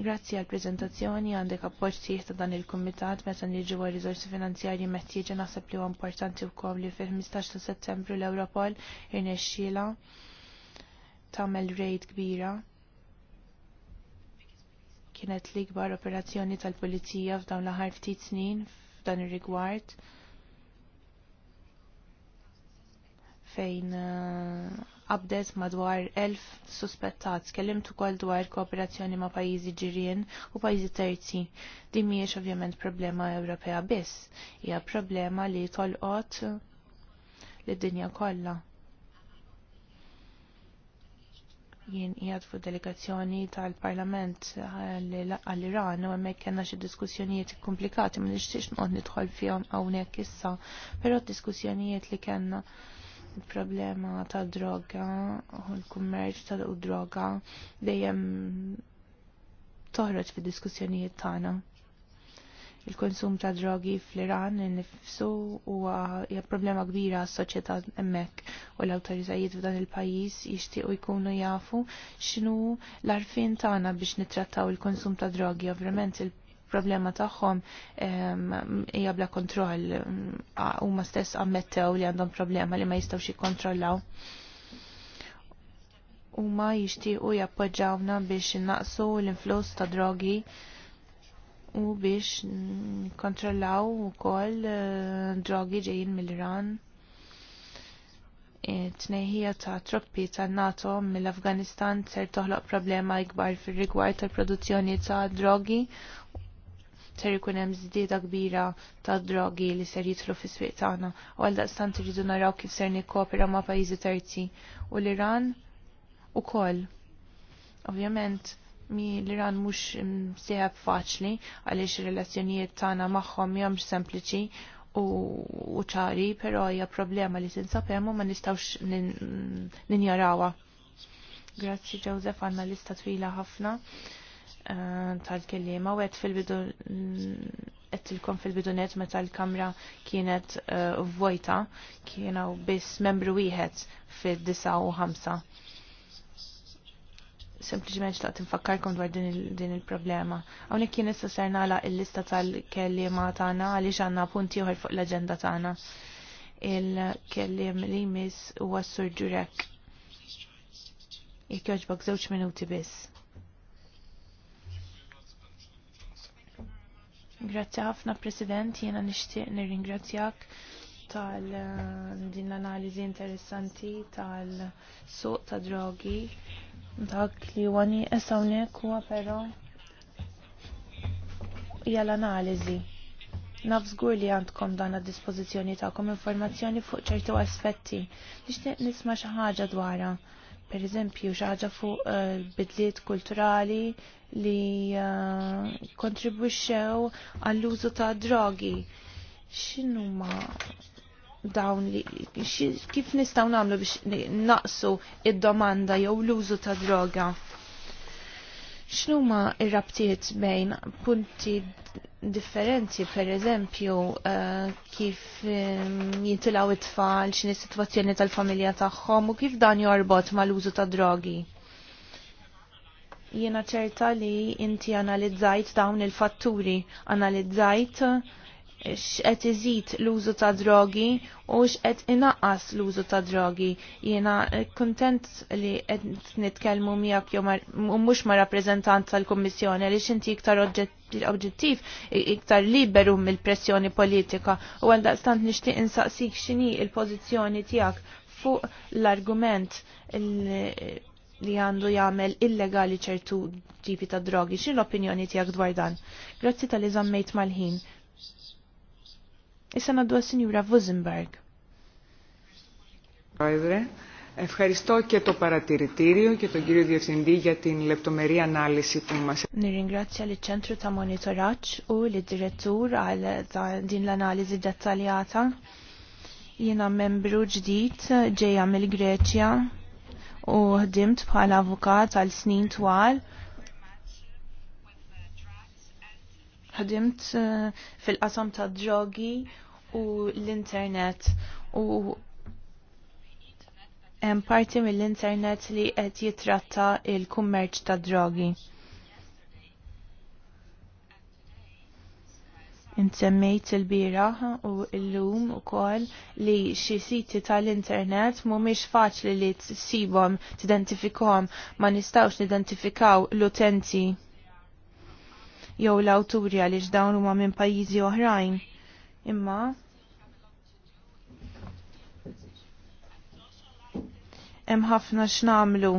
Grazzi għal prezentazzjoni għandek appoġġ sieħ ta' dan il-Kumitat meta niġu għal riżorsi finanzjarji meħtieġa naħseb li huwa importanti wkoll li fil-15 ta' Settembru l-Europol irnexxiela tagħmel raid kbira kienet l-ikbar operazzjoni tal-Pulizija f'dawn l-aħħar ftit snin f'dan ir-rigward fejn qabdet eh, madwar 1000 suspettat. Kellimt ukoll dwar kooperazzjoni ma' pajjiżi ġirien u pajjiżi terzi. Din mhijiex ovvjament problema Ewropea biss, hija problema li tolqot lid-dinja kollha. Jien qiegħed fuq delegazzjoni tal-Parlament għall-Iran u hemmhekk kena xi diskussjonijiet komplikati ma nixtiex noqgħod nidħol fihom hawnhekk issa, però d diskussjonijiet li kellna il-problema ta' droga u l-kummerċ ta' u droga dejjem toħroġ fi diskussjonijiet tagħna. Il-konsum ta' drogi fl-Iran nifsu huwa hija problema kbira għas-soċjetà hemmhekk u l-awtoritajiet f'dan il-pajjiż jixtiequ jkunu jafu x'inhu l-arfin tagħna biex nittrattaw il-konsum ta' drogi. Ovvjament il problema tagħhom hija bla kontroll huma stess ammettew li għandhom problema li ma jistgħux jikkontrollaw huma jixtiequ jappoġġawna biex innaqsu l-influss ta' drogi u biex kontrollaw ukoll eh, drogi ġejjin mill-Iran. Tnejħija ta' troppi ta' NATO mill-Afganistan ser toħloq problema ikbar fir rigward tal-produzzjoni ta' drogi ser ikun hemm żdieda kbira ta' drogi li ser jidħlu fis-swieq tagħna u għal daqstant irridu naraw kif ser nikkopera ma' pajjiżi terzi u l-Iran ukoll. Ovvjament mi l-Iran mhux msieħeb faċli għaliex ir-relazzjonijiet tagħna magħhom mhomx sempliċi u ċari, però hija problema li tinsab hemm u ma nistgħux ninjarawha. Grazzi Joseph għandna lista twila ħafna Eh, tal-kelliema u għed fil-bidu tilkom fil-bidunet meta l-kamra kienet uh, eh, vojta kienu biss membru wieħed fil-9 sempliciment xtaqt infakkarkom dwar din il-problema. Hawnhekk kien issa ser nagħlaq il-lista tal-kelliema tagħna għaliex għandna punti uħar fuq l agenda tagħna. Il-kelliem li mis huwa għassur Ġurek. Jekk jogħġbok żewġ minuti biss. Grazzi ħafna President, jena nishtiq nirringrazzjak tal eh, din l-analizi interessanti tal-suq ta' drogi. Dak li wani esawnek huwa però hija l analiżi Naf żgur li għandkom dan għad-dispożizzjoni tagħkom informazzjoni fuq ċertu aspetti. Nixtieq nisma' xi ħaġa dwarha per eżempju xaġa fuq eh, bidliet kulturali li uh, kontribwixxew għall-użu ta' drogi. X'inhuma dawn li kif nistgħu nagħmlu biex naqsu id-domanda jew l-użu ta' droga? X'numa r-rabtiet bejn punti differenti, per eżempju, uh, kif uh, ehm, jintilaw it-tfal, xini situazzjoni tal-familja tagħhom u kif dan jorbot mal-użu ta' drogi? Jiena ċerta li inti analizzajt dawn il-fatturi, analizzajt x'qed iżid l-użu ta' drogi u x'qed inaqqas l-użu ta' drogi. Jiena eh, kuntent li qed nitkellmu miegħek jew mhux ma' rappreżentant tal-Kummissjoni għaliex inti iktar oġġettiv iktar liberu mill-pressjoni politika u għal daqstant nixtieq insaqsik x'inhi il-pożizzjoni tiegħek fuq l-argument li għandu jagħmel illegali ċertu tipi ta' drogi. X'in l-opinjoni tiegħek dwar dan? Grazzi tal iżammejt żammejt mal-ħin. Issa naddu għas-Sinjura Vosenberg. Πρόεδρε, ευχαριστώ και το παρατηρητήριο και τον κύριο Διευθυντή για την λεπτομερή ανάλυση που μας... Nirringrazzja li centro ta' monitoraċ u li direttur għal din l'analisi analizi dettaljata. Jena membru ġdid ġeja mill-Greċja u ħdimt bħala avukat għal snin twal ħadimt eh, fil-qasam ta' drogi u l-internet u hemm parti mill-internet li qed jitratta il-kummerċ ta' drogi. Insemmejt il bieraħ u l-lum u li xi siti tal-internet mhumiex faċli li tsibhom, tidentifikhom, ma nistgħux nidentifikaw l-utenti jew l-awturi għaliex dawn huma minn pajjiżi oħrajn. Imma hemm ħafna x'namlu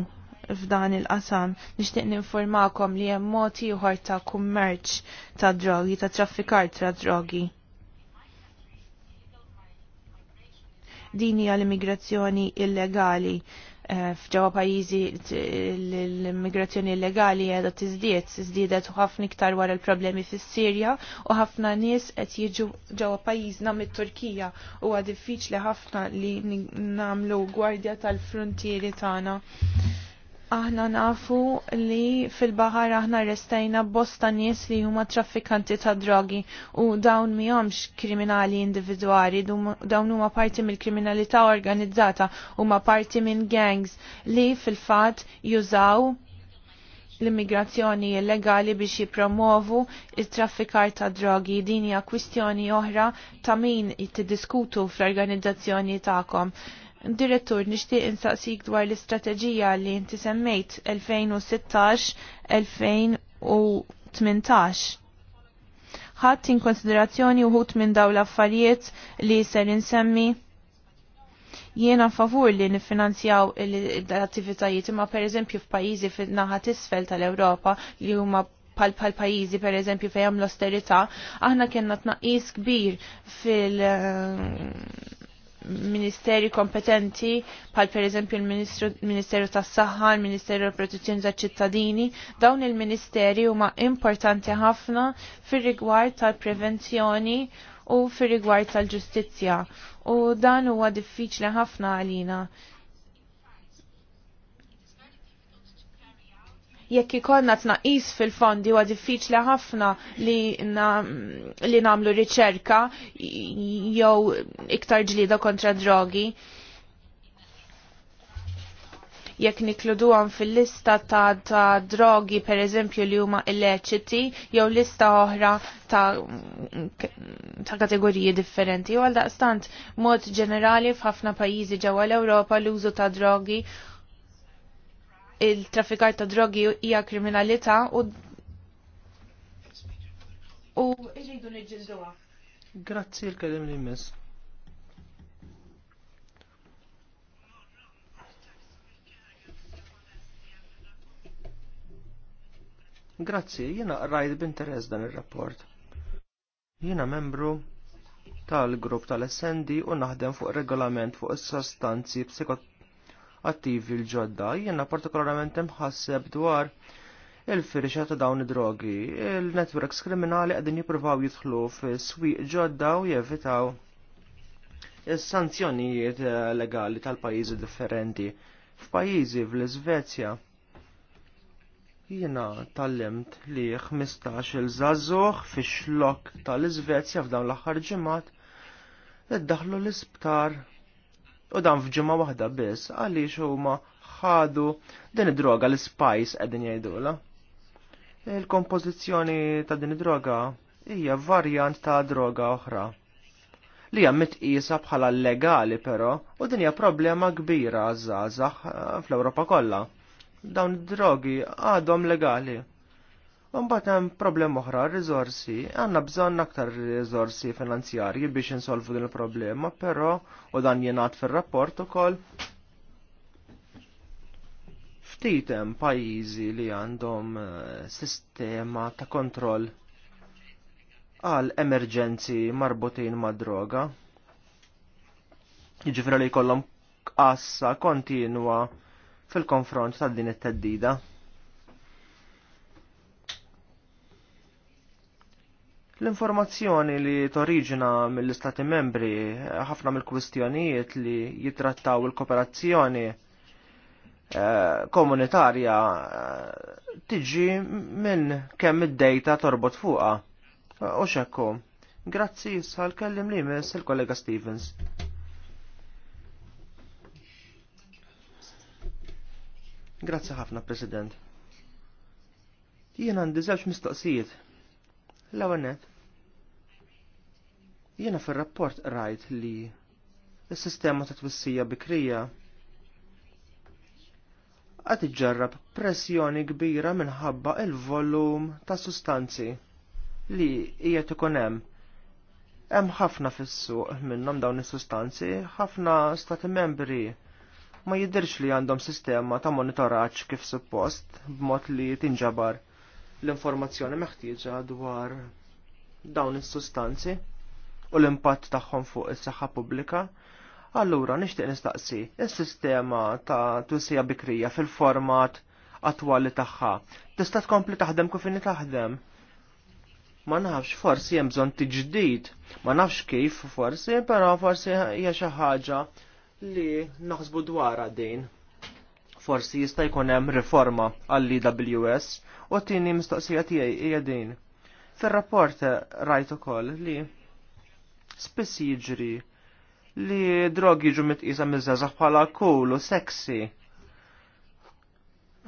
f'dan il-qasam. Nixtieq ninformakom li hemm mod ieħor ta' kummerċ ta' drogi, ta' traffikar ta' drogi. Din hija l-immigrazzjoni illegali Eh, f'ġewwa pajjiżi l-immigrazzjoni illegali qiegħda tiżdied, iżdiedet ħafna iktar wara l-problemi fis-Sirja u ħafna nies qed jiġu ġewwa pajjiżna mit-Turkija huwa diffiċli ħafna li nagħmlu gwardja tal-frontieri tagħna Aħna nafu li fil-bahar aħna restajna bosta nies li huma traffikanti ta' drogi u dawn mihomx kriminali individwali, dawn huma parti mill-kriminalità organizzata, huma parti minn gangs li fil-fatt jużaw l-immigrazzjoni illegali biex jipromovu il-traffikar ta' drogi. Din hija kwistjoni oħra ta' min jittidiskutu fl-organizzazzjoni ta'kom. Direttur, nixtieq insaqsik dwar l-istrateġija li inti semmejt 2016-2018 ħadd in konsiderazzjoni uħut minn daw l-affarijiet li ser insemmi jiena favur li nifinanzjaw l-attivitajiet imma per eżempju f'pajjiżi fin-naħa tisfel tal-Ewropa li huma pal pal pajjiżi per eżempju fejn l-austerità, aħna kienna tnaqqis kbir fil ministeri kompetenti pal per eżempju il-Ministeru tas saħħa il-Ministeru tal protezzjoni taċ ċittadini, dawn il-ministeri huma importanti ħafna fir-rigward tal-prevenzjoni u fir-rigward tal-ġustizzja u dan huwa diffiċli ħafna għalina jekk ikollna tnaqis fil-fondi huwa diffiċli ħafna li na, li nagħmlu riċerka jew iktar ġlida kontra drogi. Jekk nikluduhom fil-lista ta', ta drogi pereżempju li huma illeċiti jew lista oħra ta', ta kategoriji differenti. U għaldaqstant, mod ġenerali f'ħafna pajjiżi ġewwa l-Ewropa l-użu ta' drogi il-traffikar ta' drogi hija kriminalità u u irridu niġġilduha. Grazzi l-kelim li mis. Grazzi, jiena rajd b'interess dan ir-rapport. Jiena membru tal-grupp tal-SND u naħdem fuq regolament fuq is-sostanzi psikot attivi l-ġodda. Jiena partikolarment imħasseb dwar il-firxa ta' dawn id-drogi. Il-networks kriminali qegħdin jippruvaw jitħlu fis-swieq ġodda u jevitaw is-sanzjonijiet eh, legali tal-pajjiżi differenti. F'pajjiżi fl-Iżvezja jiena tallimt li 15 il-żagħżugħ fix-xlok tal-Iżvezja f'dawn l-aħħar ġimgħat daħlu l-isptar u dan f'ġimgħa waħda biss għaliex huma ħadu din id-droga l-spice qegħdin jgħidula. Il-kompożizzjoni ta' din id-droga hija varjant ta' droga oħra li hija mitqisa bħala legali però u din hija problema kbira għaż-żgħażagħ eh, fl-Ewropa kollha. Dawn id-drogi għadhom legali. Mbagħad hemm problem oħra, riżorsi. Għandna bżonn aktar riżorsi finanzjarji biex insolvu din il-problema, però u dan jingħad fir-rapport ukoll ftit hemm pajjiżi li għandhom eh, sistema ta' kontroll għal emerġenzi marbutin ma' droga. Jiġifieri li jkollhom qassa kontinwa fil-konfront ta' din it-teddida. L-informazzjoni li torriġina mill-Istati membri ħafna mill-kwistjonijiet li jitrattaw il-kooperazzjoni eh, komunitarja eh, tiġi minn kemm id-dejta torbot fuqa. Eh, u xekku, grazzi sal kellim li mis il-kollega Stevens. Grazzi ħafna, President. Jien għandi żewġ mistoqsijiet. L-ewwel Jiena fir-rapport rajt li s-sistema ta' twissija bikrija għad iġġarrab pressjoni kbira minħabba il-volum ta' sustanzi li hija ikun hemm. Hemm ħafna fis-suq minnhom dawn is-sustanzi, ħafna stati membri ma jidhirx li għandhom sistema ta' monitoraġġ kif suppost b'mod li tinġabar l-informazzjoni meħtieġa dwar dawn is-sustanzi u l-impatt tagħhom fuq is-saħħa pubblika. Allura nixtieq nistaqsi, is-sistema ta' twissija bikrija fil-format attwali tagħha tista' tkompli taħdem kif inni taħdem. Ma nafx forsi hemm bżonn tiġdid, ma nafx kif forsi, però forsi hija xi ħaġa li naħsbu dwarha din forsi jista' jkun hemm riforma għall EWS u t-tieni mistoqsija tiegħi hija din. Fir-rapport rajt ukoll li Spiss jiġri li drogi ġu mitqisa miż-żazax bħala kolu seksi.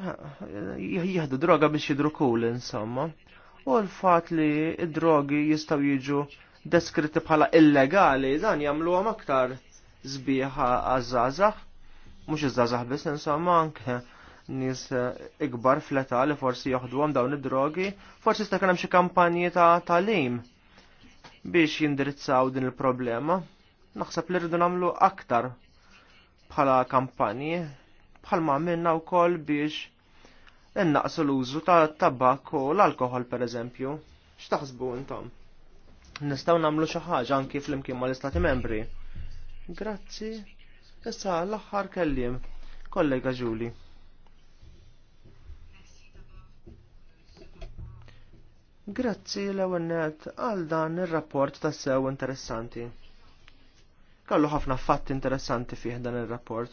sexy. Jihdu droga biex jidru cool insomma. U l-fat li drogi jistaw jiġu deskritti bħala illegali dan jagħmluhom aktar zbiħa għaż Mux Mhux iż-żazax biss insomma anke nis ikbar fleta li forsi joħdu dawn id-drogi, forsi sta' kien xi kampanji ta' talim biex jindirizzaw din il-problema. Naħseb li rridu nagħmlu aktar bħala kampanji bħalma minna wkoll biex innaqsu l-użu ta' tabak u l-alkohol pereżempju. X'taħsbu intom? Nistgħu nagħmlu xi ħaġa anki flimkien mal-Istati Membri. Grazzi. Issa l-aħħar kellim, kollega Ġuli. Grazzi l ewwelnet għal dan ir-rapport ta' sew interessanti. Kallu ħafna fatt interessanti fih dan ir-rapport.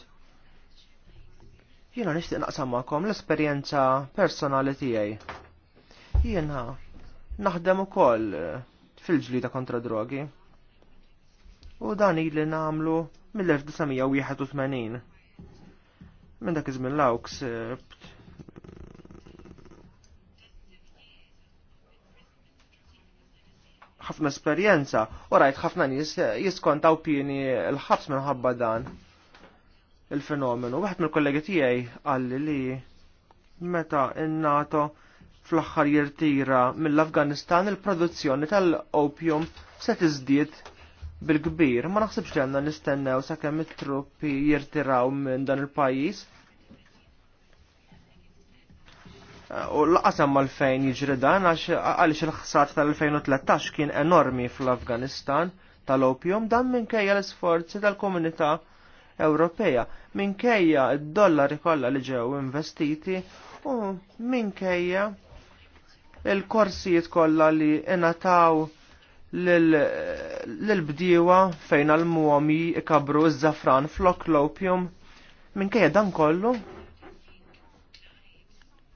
Jiena nixtieq naqsam l-esperjenza personali tiegħi. Jiena naħdem ukoll eh, fil-ġlida kontra drogi. U dan li nagħmlu mill-1981. Minn dak iż-żmien l-awks eh, ħafna esperjenza u rajt ħafna nies jiskontaw pieni l-ħabs minħabba dan il-fenomenu. Waħed mill-kollegi tiegħi qal li meta n-NATO fl-aħħar jirtira mill-Afganistan il-produzzjoni tal-opium se tiżdied bil-kbir. Ma naħsibx li għandna nistennew sakemm it-truppi jirtiraw minn dan il-pajjiż u l-qasam mal-fejn jiġri dan għax għaliex il-ħsat tal-2013 kien enormi fl-Afganistan tal-opium dan minkejja l-isforzi tal-komunità Ewropeja, minkejja id-dollari kollha li ġew investiti u minkejja il-korsijiet kollha li inataw l-bdiewa fejn għal-muomi ikabru iż-żafran flok l-opium minkejja dan kollu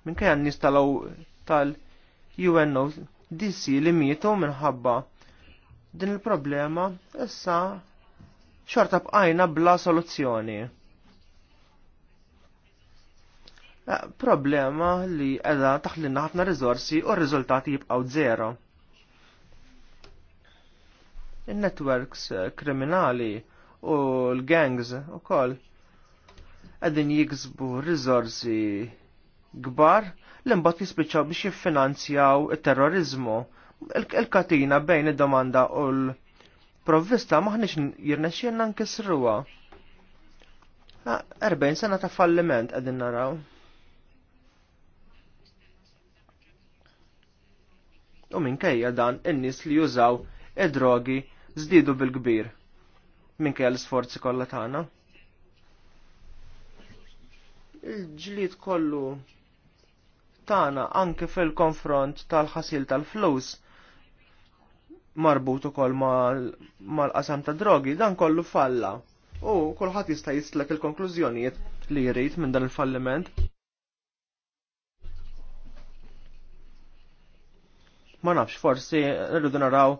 minn n-nies tal-UNODC li mietu minħabba din il-problema issa xorta bqajna bla soluzzjoni. Eh, problema li edha taħlinna ħafna rizorsi u r-riżultati jibqgħu zero. Il-networks kriminali u l-gangs u koll għedin jiksbu rizorsi gbar li mbagħad jispiċċaw biex jiffinanzjaw it-terrorizmu. Il-katina bejn id-domanda u l-provvista maħniex jirnexxielna nkissruha. 40 sena ta' falliment qegħdin naraw. U minkejja dan in-nies li jużaw id-drogi żdiedu bil-kbir. Minkejja l-isforzi kollha tagħna il-ġlied kollu tagħna anke fil-konfront tal-ħasil tal-flus marbut ukoll mal-qasam ta' drogi, dan kollu falla. U kulħadd jista' jislek il-konklużjonijiet li jrid minn dan il-falliment. Ma nafx forsi rridu naraw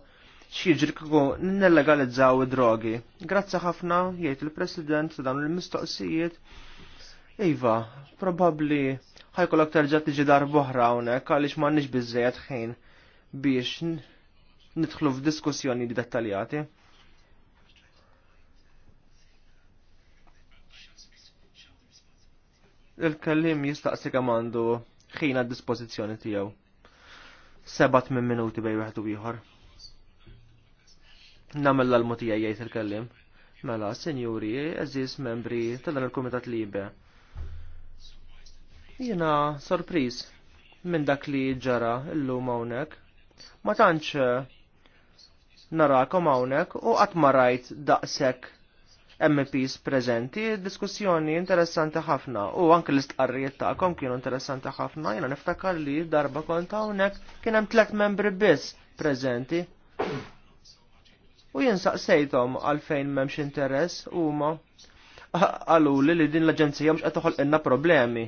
xieġri kiku nellegalizzaw id-drogi. Grazzi ħafna, jgħid il-President, dan il-mistoqsijiet Iva, probabli aktar terġa' tiġi dar boħra hawnhekk għaliex m'għandniex biżejjed ħin biex nidħlu f'diskussjoni dettaljati. Il-kellim jistaqsi kemm għandu ħin għad-dispożizzjoni tiegħu. Seba' tmien minuti bej wieħed u ieħor. Nagħmel l mutija jgħid il-kellim. Mela, sinjuri, eżis membri tal-dan il-Kumitat Libe Jiena sorpriz minn dak li ġara illum hawnhekk. Ma tantx eh, narakom hawnhekk u qatt ma rajt daqshekk MPs preżenti, diskussjoni interessanti ħafna u anke l-istqarrijiet tagħkom kienu interessanti ħafna, jiena niftakar li darba kont hawnhekk kien hemm tliet membri biss preżenti. U jien saqsejthom għalfejn m'hemmx interess huma għaluli li din l-aġenzija mhux qed toħolqilna problemi.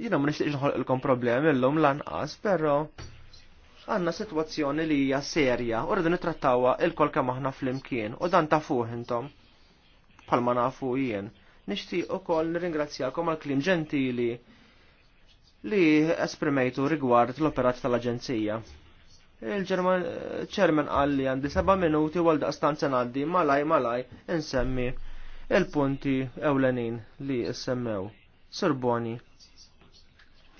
Jina ma nixtieqx noħolqilkom problemi llum lanqas, però għandna sitwazzjoni li hija serja u rridu nittrattawha il-kol kemm aħna flimkien u dan fuh intom. Palma nafu jien. Nixtieq ukoll nirringrazzjakom għal klim ġentili li esprimejtu rigward l-operat tal-Aġenzija. Il-Ġerman ċermen li għandi seba' minuti għal daqstan ngħaddi malaj malaj insemmi il-punti ewlenin li semmew. Sirboni.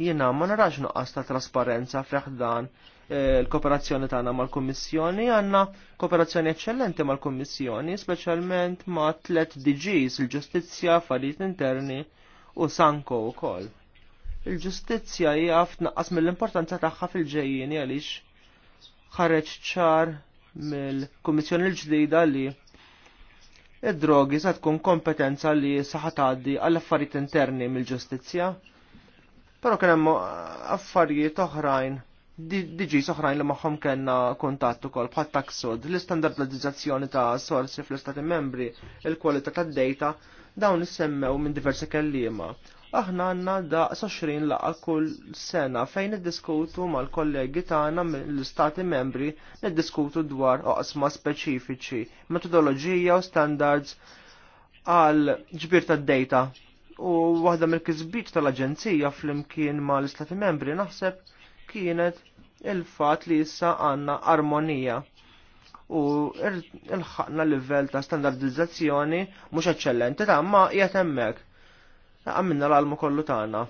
Jiena ma narax nuqqas ta' trasparenza fl-ħdan eh, l-kooperazzjoni tagħna mal-Kummissjoni għandna kooperazzjoni eċċellenti mal-Kummissjoni, speċjalment ma' tlet DGs il-Ġustizzja, Affarijiet Interni u Sanko wkoll. Il-ġustizzja hija tnaqqas mill-importanza tagħha fil-ġejjieni għaliex ħareġ ċar mill-Kummissjoni l-ġdida li id-drogi sa tkun kompetenza li saħat għaddi għall affarijiet interni mill-ġustizzja Però kien hemm eh, affarijiet oħrajn diġi soħrajn li magħhom kellna kuntatt ukoll bħat taksod, l-istandardizzazzjoni ta' sorsi fl-istati membri, il-kwalità tad-data, dawn issemmew minn diversi kelliema. Aħna għanna da 20 la' kull sena fejn niddiskutu mal-kollegi tagħna mill-istati membri niddiskutu dwar oqsma speċifiċi, metodoloġija u standards għal ġbir tad-data U waħda mill-kisbit tal-Aġenzija flimkien ma l-Istati Membri naħseb kienet il-fat li issa għanna armonija u il-ħakna livell ta' standardizzazzjoni mhux eċċellenti ta' ma qiegħed hemmhekk. Għamminna l-almu kollu tagħna.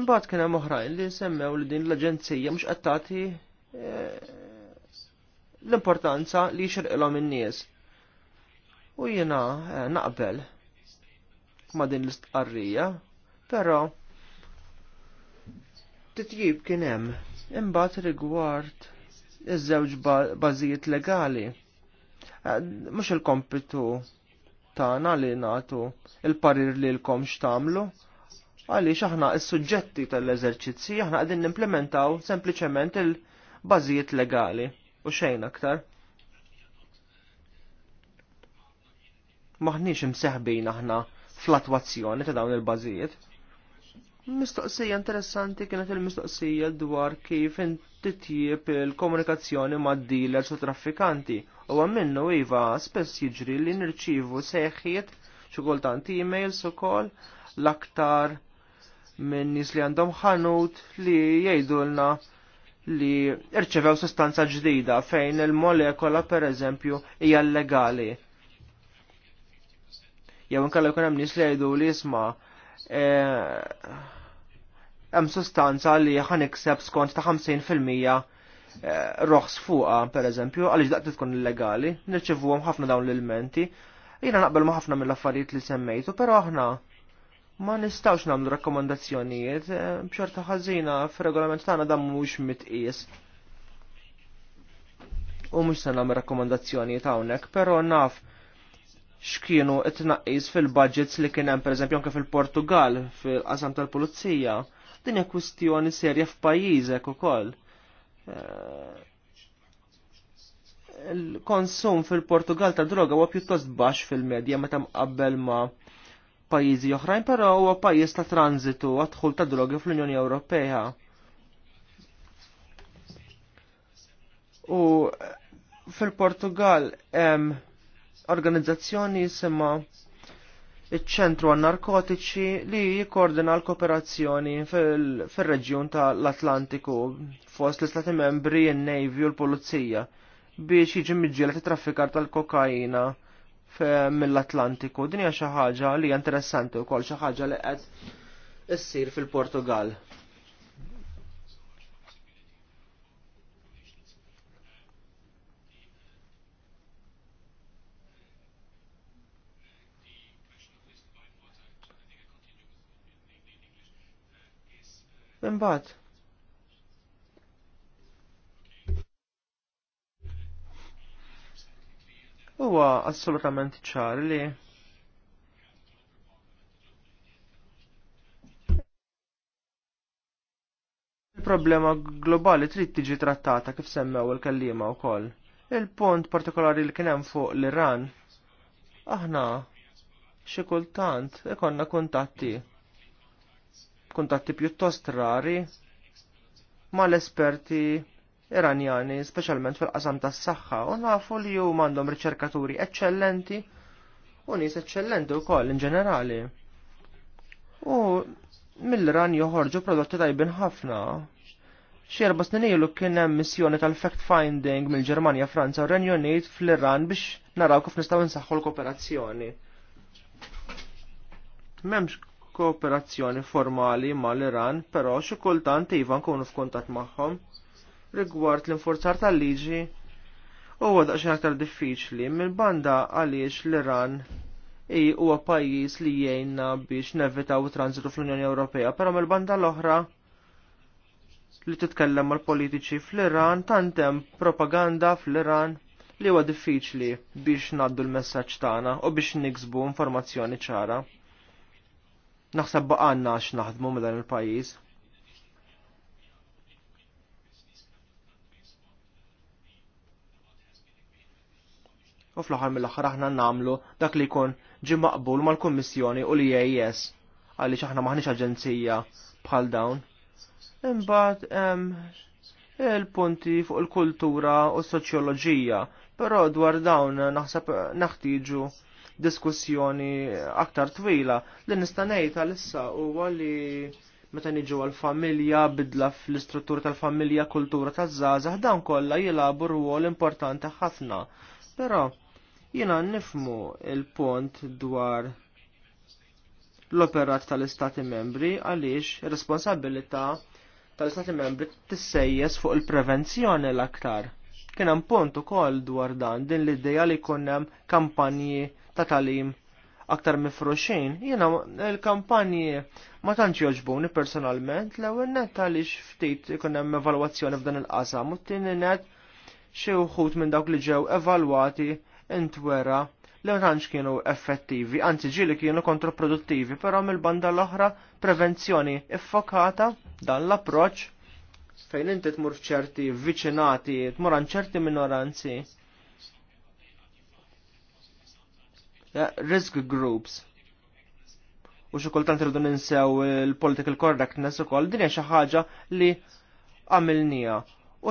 Imbagħad kien hemm oħrajn li semmew li din l-aġenzija mhux qed tagħti eh, l-importanza li xirqilhom in-nies u jiena eh, naqbel ma' din l-istqarrija, però titjib kien hemm imbagħad rigward iż-żewġ bażijiet legali. Eh, mhux il-kompitu tagħna li nagħtu il-parir li lkom x'tagħmlu, għaliex aħna s-suġġetti tal-eżerċizzi aħna qegħdin nimplementaw sempliċement il-bażijiet legali u xejn aktar. Maħniex imseħbin aħna fl attuazzjoni ta' dawn il-bażijiet. Mistoqsija interessanti kienet il-mistoqsija dwar kif intitjib il-komunikazzjoni mad dealers u traffikanti u għamminnu iva spess jiġri li nirċivu seħħiet xikultant e-mails u kol l-aktar minn nis li għandhom ħanut li jgħidulna li irċevew sostanza ġdida fejn il-molekola per eżempju hija legali jew inkella jkun hemm nies li jgħidu li jisma' e, hemm sustanza li ħanikseb skont ta' 50% e, roħs fuqa pereżempju għaliex daqt tkun illegali, nirċevuhom ħafna dawn l-elementi. Jiena naqbel ma' ħafna mill-affarijiet li semmejtu, però aħna ma nistawx nagħmlu rakkomandazzjonijiet e, b'xorta ħażina fir-regolament tagħna dan mhux mitqies u mux se nagħmel rakkomandazzjonijiet ta' hawnhekk, però naf x'kienu it-tnaqqis fil-budgets li kien hemm eżempju, anke fil-Portugal fil-qasam tal-Pulizija. Din hija kwistjoni serja f'pajjiżek ukoll. Eh, il-konsum fil-Portugal ta' droga huwa pjuttost baxx fil-medja meta mqabbel ma' pajjiżi oħrajn, però huwa pajjiż ta' tranzitu għadħul ta' droga fl-Unjoni Ewropea. U fil-Portugal hemm organizzazzjoni jisimma iċ-ċentru għan narkotiċi li jikordina l-kooperazzjoni fil-reġjun tal-Atlantiku fost l-Istati membri, in navy u l-Polizija biex jiġi miġġiela traffikar tal-kokaina mill-Atlantiku. Din hija xi ħaġa li hija interessanti wkoll xi ħaġa li qed issir fil-Portugal. mbagħad. Huwa assolutament ċar li il-problema globali trid tiġi trattata kif semmew il-kellima wkoll. Il-punt partikolari li kien hemm fuq l-Iran aħna xi kultant ikonna kuntatti kontatti pjuttost rari mal-esperti iranjani, speċjalment fil-qasam tas-saħħa, u nafu li ju mandom riċerkaturi eċċellenti u nies eċċellenti wkoll in ġenerali. U mill-Iran joħorġu prodotti tajbin ħafna. Xi erba' snin ilu kien hemm missjoni tal-fact finding mill-Ġermanja, Franza u Renju Unit fl-Iran biex naraw kif nistgħu nsaħħu l-kooperazzjoni. M'hemmx kooperazzjoni formali mal-Iran, però xi kultant iva nkunu f'kuntatt magħhom rigward l-infurzar tal-liġi huwa daqsxejn aktar diffiċli mill banda għaliex l-Iran huwa pajjiż li jgħinna biex nevitaw transitu fl-Unjoni Ewropea, però mill-banda l-oħra li titkellem mal-politiċi fl-Iran tantem propaganda fl-Iran li huwa diffiċli biex naddu l-messaġġ tagħna u biex niksbu informazzjoni ċara. Naħseb baqa' għanna għax naħdmu minn dan il-pajjiż. U fl-aħħar mill-aħħar aħna nagħmlu dak li jkun ġi maqbul mal-Kummissjoni u l-IAS għaliex aħna maħniex aġenzija bħal dawn. Imbagħad il-punti fuq il-kultura u s-soċjoloġija, però dwar dawn naħseb naħtiġu diskussjoni aktar twila. Li nista' ngħid għalissa huwa li meta niġu għal-familja, bidla fl-istruttura tal-familja, kultura taż-żgħażagħ dan kollha jilagħbu rwol importanti ħafna. Però jiena nifmu il-punt dwar l-operat tal-Istati membri għaliex responsabilità tal-Istati membri tissejjes fuq il-prevenzjoni l-aktar. Kien hemm punt ukoll dwar dan din l-idea li jkun hemm kampanji ta' talim aktar mifruxin, jena il-kampanji ma tantx joġbuni personalment, l ewwel tal għaliex ftit ikun hemm evalwazzjoni f'dan il-qasam, u t-tieni net xi wħud minn dawk li ġew evalwati intwera li tantx kienu effettivi, anzi ġieli kienu kontraproduttivi, però mill-banda l-oħra prevenzjoni iffokata dan l-approċċ fejn inti tmur f'ċerti viċinati, tmur ċerti minoranzi risk groups. U xi kultant rridu ninsew il-political correctness ukoll din hija xi ħaġa li għamilnija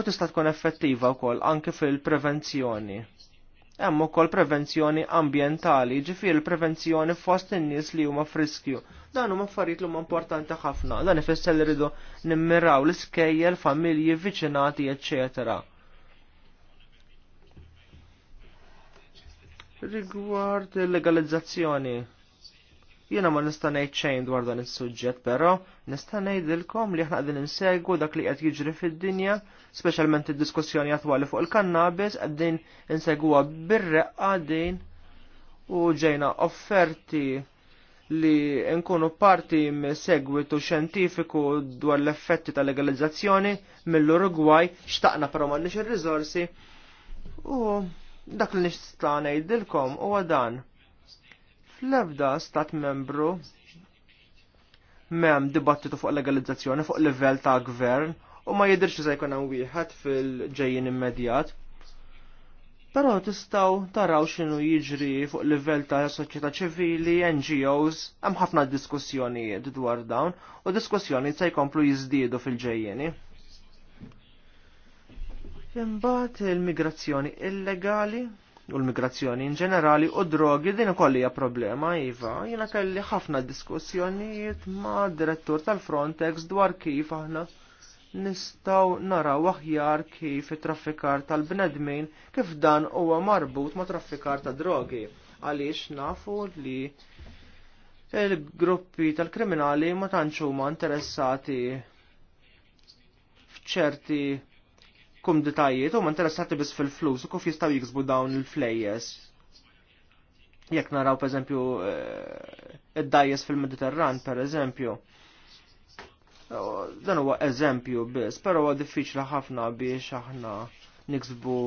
u tista' tkun effettiva wkoll anke fil-prevenzjoni. Hemm ukoll prevenzjoni ambjentali, ġifier il-prevenzjoni fost in-nies li huma friskju. Dan huma affarijiet li huma importanti ħafna, dan ifisser li rridu nimmiraw l-iskejjel, familji, viċinati, eċċetera Rigward il-legalizzazzjoni, jiena ma nista' ngħid xejn dwar dan is-suġġett, però nista' ngħidilkom li aħna għadin insegwu dak li qed jiġri fid-dinja, speċjalment id-diskussjoni għatwali fuq il-kannabis, qegħdin insegwuha bir-reqqa din u ġejna offerti li nkunu parti segwitu xjentifiku dwar l-effetti ta' legalizzazzjoni mill-Uruguay, xtaqna però nix ir rizorsi u Dak li nista' ngħidilkom huwa dan. Fl-ebda stat membru m'hemm dibattitu fuq legalizzazzjoni fuq livell ta' gvern u ma jidhirx se jkun hemm wieħed fil-ġejjin immedjat. Però tistgħu taraw x'inhu jiġri fuq livell ta' soċjetà ċivili, NGOs, hemm ħafna diskussjonijiet dwar dawn u diskussjoni se jkomplu jiżdiedu fil ġejjeni Imbagħad il-migrazzjoni illegali u l-migrazzjoni in ġenerali u drogi din ukoll hija problema iva. Jiena kelli ħafna diskussjonijiet ma' direttur tal-Frontex dwar kif aħna nistgħu naraw aħjar kif it-traffikar tal-bnedmin kif dan huwa marbut ma' traffikar ta' drogi għaliex nafu li il-gruppi tal-kriminali ma tantx huma interessati f'ċerti Kum kumditajiet huma interessati biss fil-flus u kif jistgħu jiksbu dawn il-flejjes. Jekk naraw pereżempju eh, id-dajjes fil-Mediterran pereżempju. Dan huwa eżempju biss, però huwa diffiċli ħafna biex aħna niksbu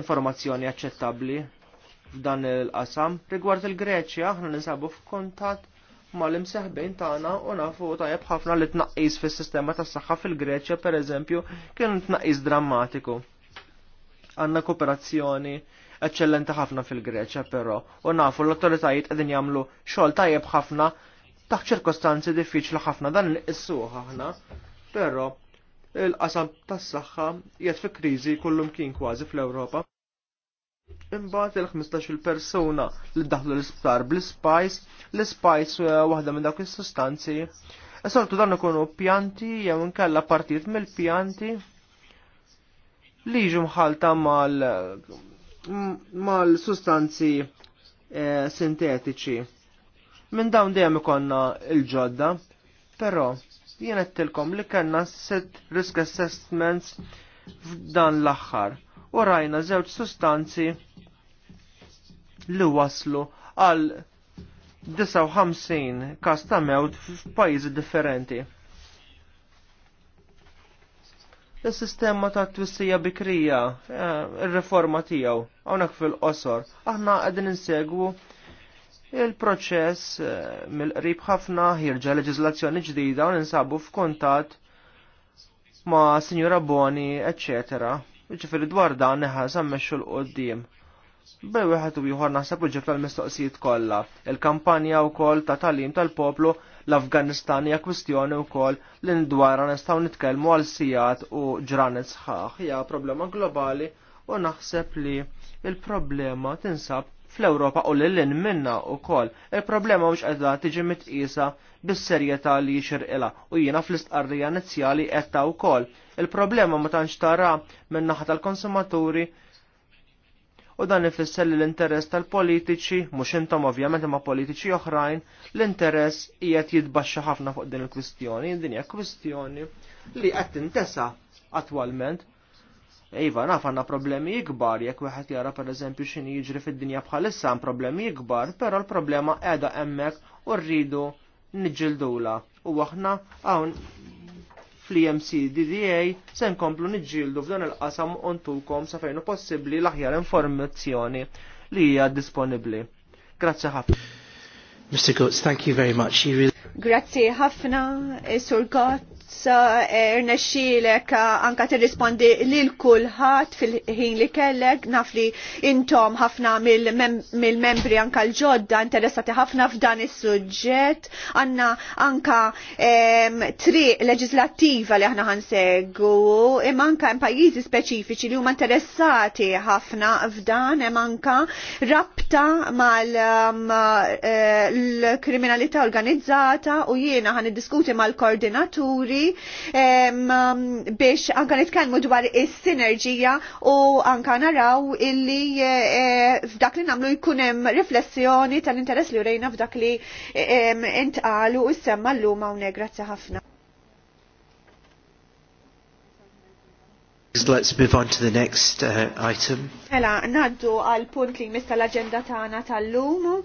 informazzjoni aċċettabbli f'dan il-qasam. Rigward il-Greċja aħna nisabu f'kuntat l imseħbejn tagħna u nafu tajjeb ħafna li tnaqqis fis-sistema tas-saħħa fil-Greċja pereżempju kien tnaqqis drammatiku. Għandna kooperazzjoni eċċellenti ħafna fil-Greċja però u nafu l autoritajiet qegħdin jagħmlu xogħol tajjeb ħafna taħt ċirkostanzi diffiċli ħafna dan nqissuh aħna. Però il-qasam tas-saħħa jgħid fi kriżi kullum kien kważi fl-Ewropa imbagħad il-15 persuna li ddaħlu l-isptar bl-spice, l-spice eh, waħda minn dawk is-sustanzi. Soltu dan ikunu pjanti jew inkella partit mill-pjanti li jiġu mħalta mal-sustanzi eh, sintetiċi. Minn dawn dejjem ikonna il-ġodda, però jien qed li kellna set risk assessments f'dan l-aħħar u rajna żewġ sustanzi li waslu għal 59 kas ta' mewt f'pajjiżi differenti. Is-sistema ta' twissija bikrija, eh, il reforma tiegħu hawnhekk fil-qosor, aħna qegħdin insegwu il-proċess eh, mill-qrib ħafna ħirġa' leġizlazzjoni ġdida u ninsabu f'kuntat ma' Signora Boni, eccetera ġifiri dwar dan neħa sammexxu l-qoddim. Bej wieħed u ieħor naħseb uġib tal-mistoqsijiet kollha. Il-kampanja wkoll ta' talim tal-poplu l-Afganistan hija kwistjoni wkoll li indwara nistaw nitkellmu għal sigħat u ġranet sħaħ hija problema globali u naħseb li il-problema tinsab fl-Ewropa u l-lin minna u kol. Il-problema mux għedha tiġi mitqisa bis-serjetà li xirqila u jiena fl-istqarrija inizjali etta u kol. Il-problema ma tantx tara minna naħa tal-konsumaturi u dan ifisser li l-interess tal-politiċi, mhux intom ovvjament imma politiċi oħrajn, l-interess qiegħed jitbaxxa ħafna fuq din il-kwistjoni, din hija kwistjoni li qed tintesa attwalment Iva, naf għanna problemi ikbar, jekk weħat jara per eżempju xini jiġri fid-dinja bħalissa għan problemi ikbar, pero l-problema għeda emmek u rridu nġildula. U aħna għawn fl-EMC DDA sen komplu nġildu f'dan il-qasam untukom sa fejnu possibli l-aħjar informazzjoni li hija disponibli. Grazzi ħafna. Mr. Goetz, thank you very much. Grazie Grazzi ħafna, Sur Gott sa irnexxilek eh, eh, anka tirrispondi lil kulħadd fil-ħin li kellek naf li intom ħafna mill-membri anka l-ġodda interessati ħafna f'dan is-suġġett għandna anka triq leġislattiva li aħna ħansegwu imma anka hemm pajjiżi speċifiċi li huma interessati ħafna f'dan hemm anka rabta mal-kriminalità eh, organizzata u jiena ħan diskuti mal-koordinaturi utli biex anka nitkellmu dwar is-sinerġija u anka naraw illi e, e, f'dak li nagħmlu jkun hemm riflessjoni tal-interess li rejna f'dak li e, intqalu u semma llum hawnhekk grazzi ħafna. Let's move on to the next uh, item. Mela, naddu għal punt li mista l-agenda tagħna tal-lum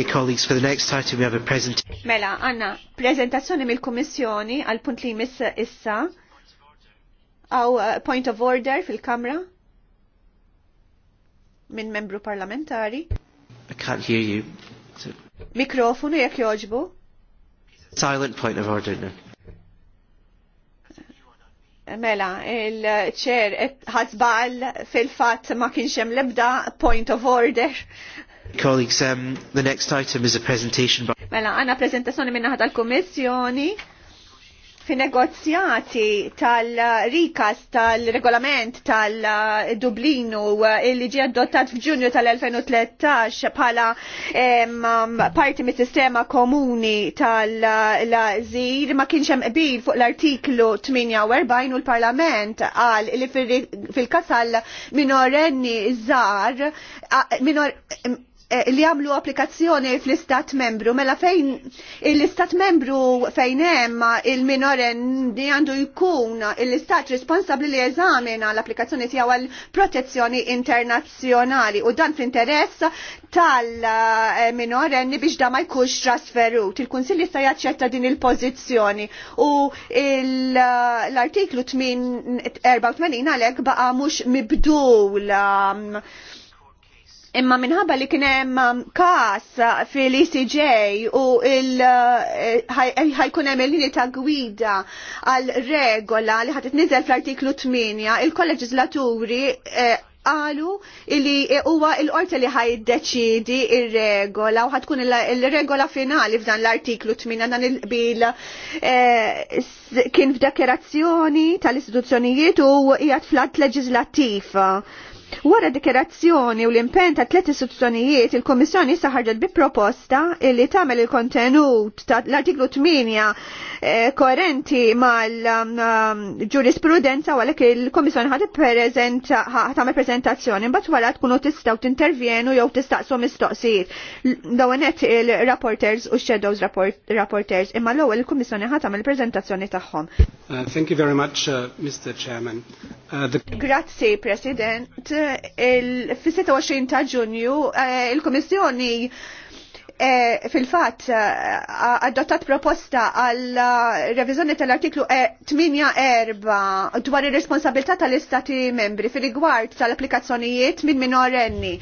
Okay, colleagues, for the next item we have a presentation. Mela, għanna prezentazzjoni mill-Kummissjoni għal punt li missa issa. Għaw uh, point of order fil-Kamra minn membru parlamentari. I can't hear you. Mikrofonu jekk joġbu. Silent point of order now. Mela, il-ċer eh, ħazbal fil-fat ma kienx hemm l-ebda point of order Colleagues, um, the next item is a presentation by... Mela, għana prezentazzjoni minna ħad għal-Kommissjoni fi negozjati tal-rikas tal-regolament tal-Dublinu eh, illi ġie adottat f'Ġunju tal-2013 bħala um, parti mis sistema komuni tal-azil ma kienx hemm qbil fuq l-artiklu 48 u l-Parlament qal li fil-kas tal minorenni zar minor Eh, li għamlu applikazzjoni fl-istat membru, mela fejn l-istat membru fejn hemm il minoren di għandu jkun l-istat responsabli li eżamina l-applikazzjoni tiegħu għal protezzjoni internazzjonali u dan fl-interess tal-minorenni biex da ma jkunx trasferut. Il-Kunsill jista' jaċċetta din il-pożizzjoni u l-artiklu 84 għalhekk baqa' mhux mibdul um, imma minħabba li kien hemm um, każ fil-ECJ u uh, ħajkun hemm il-linja ta' gwida għal regola li ħadd tniżel fl-artiklu 8 il-kolleġislaturi qalu uh, li huwa l-qorti li ħajdeċidi ir-regola u ħatkun il-regola finali f'dan l-artiklu 8 dan il bil uh, kien f'dekerazzjoni tal-istituzzjonijiet u qiegħed fl-att leġislattiv Wara dikerazzjoni u l-impen ta' tliet istituzzjonijiet, il-Kommissjoni ħarġet bi proposta li tagħmel il-kontenut ta' l-artiklu 8 eh, koerenti mal-ġurisprudenza um, um, u għalhekk il-Kommissjoni ħad tagħmel preżentazzjoni mbagħad wara tkunu tistgħu tintervjenu jew tistaqsu mistoqsijiet. Dawenet il-rapporters u shadows rapporters imma l-ewwel il kommissjoni ħad tagħmel preżentazzjoni tagħhom. Uh, thank you very much, uh, Mr. Chairman. Uh, Grazzi, President il 26 ta' Ġunju eh, il-Komissjoni Eh, fil-fat eh, adottat proposta għal eh, revizjoni tal-artiklu 8-4 dwar ir-responsabilità tal-istati membri fil-rigward tal-applikazzjonijiet minn minorenni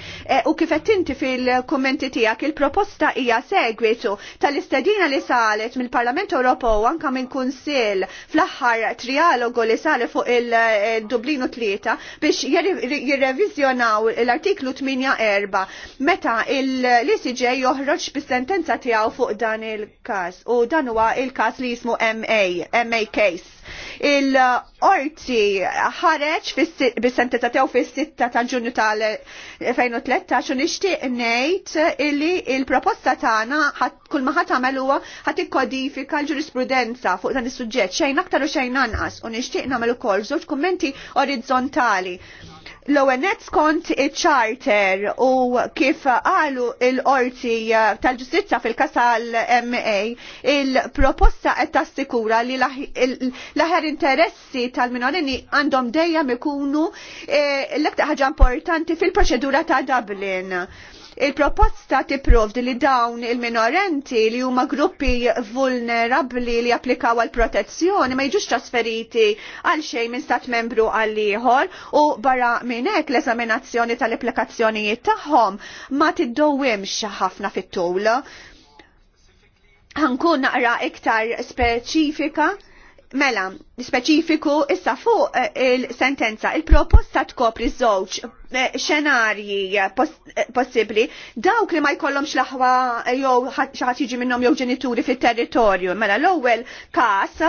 u kifettinti fil-kommenti tiegħek il-proposta hija segwitu tal-istedina li salet mill-Parlament Ewropew anka minn Kunsill fl-aħħar trialogu li sale fuq il-Dublinu tlieta biex jirrevizjonaw l-artiklu 8-4 meta l-ICJ joħroġ bis-sentenza tiegħu fuq dan il-każ u dan huwa il-każ li jismu MA, MA case. Il-orti ħareġ bis-sentenza tiegħu fis-6 ta' Ġunju tal-2013 u nixtieq ngħid illi il-proposta tagħna kull ma ħadd tagħmel huwa ħadd ikkodifika l-ġurisprudenza fuq dan is-suġġett xejn aktar u xejn anqas u nixtieq nagħmel ukoll żewġ kummenti orizzontali l-ONET skont charter u kif għalu il-orti eh, tal-ġustizza fil kasal tal-MA il-proposta qed tassikura li l-aħjar interessi tal minorini għandhom dejjem ikunu eh, l-ekta ħaġa importanti fil-proċedura ta' Dublin Il-proposta tipprovdi li dawn il-minorenti li huma gruppi vulnerabli li applikaw għal protezzjoni ma jiġux trasferiti għal xejn minn stat membru għal ieħor u barra minn hekk l-eżaminazzjoni tal-applikazzjonijiet tagħhom ma tiddowimx ħafna fit-tul. Ħankun naqra iktar speċifika Mela, speċifiku issa fuq eh, il-sentenza, il-proposta tkopri żewġ eh, xenarji eh, possibbli dawk li ma jkollhomx laħwa jew xi ħadd jiġi minnhom jew ġenituri fit-territorju. Mela l-ewwel każ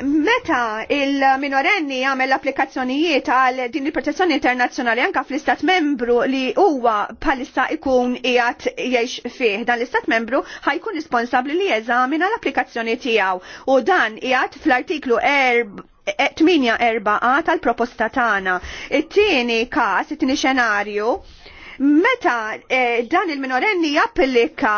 Meta il-minorenni l applikazzjonijiet għal din il-protezzjoni internazzjonali anka fl-istat membru li huwa palissa ikun qiegħed jgħix fih, dan l-istat membru ħajkun responsabbli li jeżamina l-applikazzjoni tiegħu u dan qiegħed fl-artiklu 4 e- tal-proposta tagħna. It-tieni każ, it-tieni xenarju Meta eh, dan il-minorenni jappellika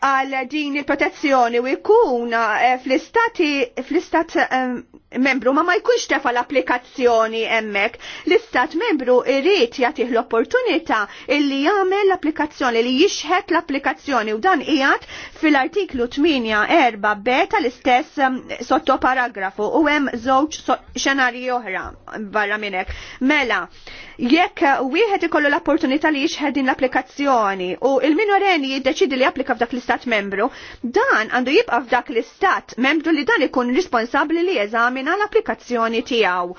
għal din il-protezzjoni u jkun eh, fl-istati fl-istat ehm, membru ma ma jkunx tefa l-applikazzjoni emmek. L-istat membru irrit jatih l-opportunita illi jagħmel l-applikazzjoni li jixħet l-applikazzjoni u dan ijat fil-artiklu 8-4 b tal-istess um, sottoparagrafu u hemm żewġ xenarji oħra barra minn hekk. Mela, jekk wieħed ikollu l-opportunità li jixħed din l-applikazzjoni u il-minoreni jiddeċidi li applika f'dak l-istat membru, dan għandu jibqa' f'dak l-istat membru li dan ikun responsabbli li jeżami eżamina l-applikazzjoni tiegħu.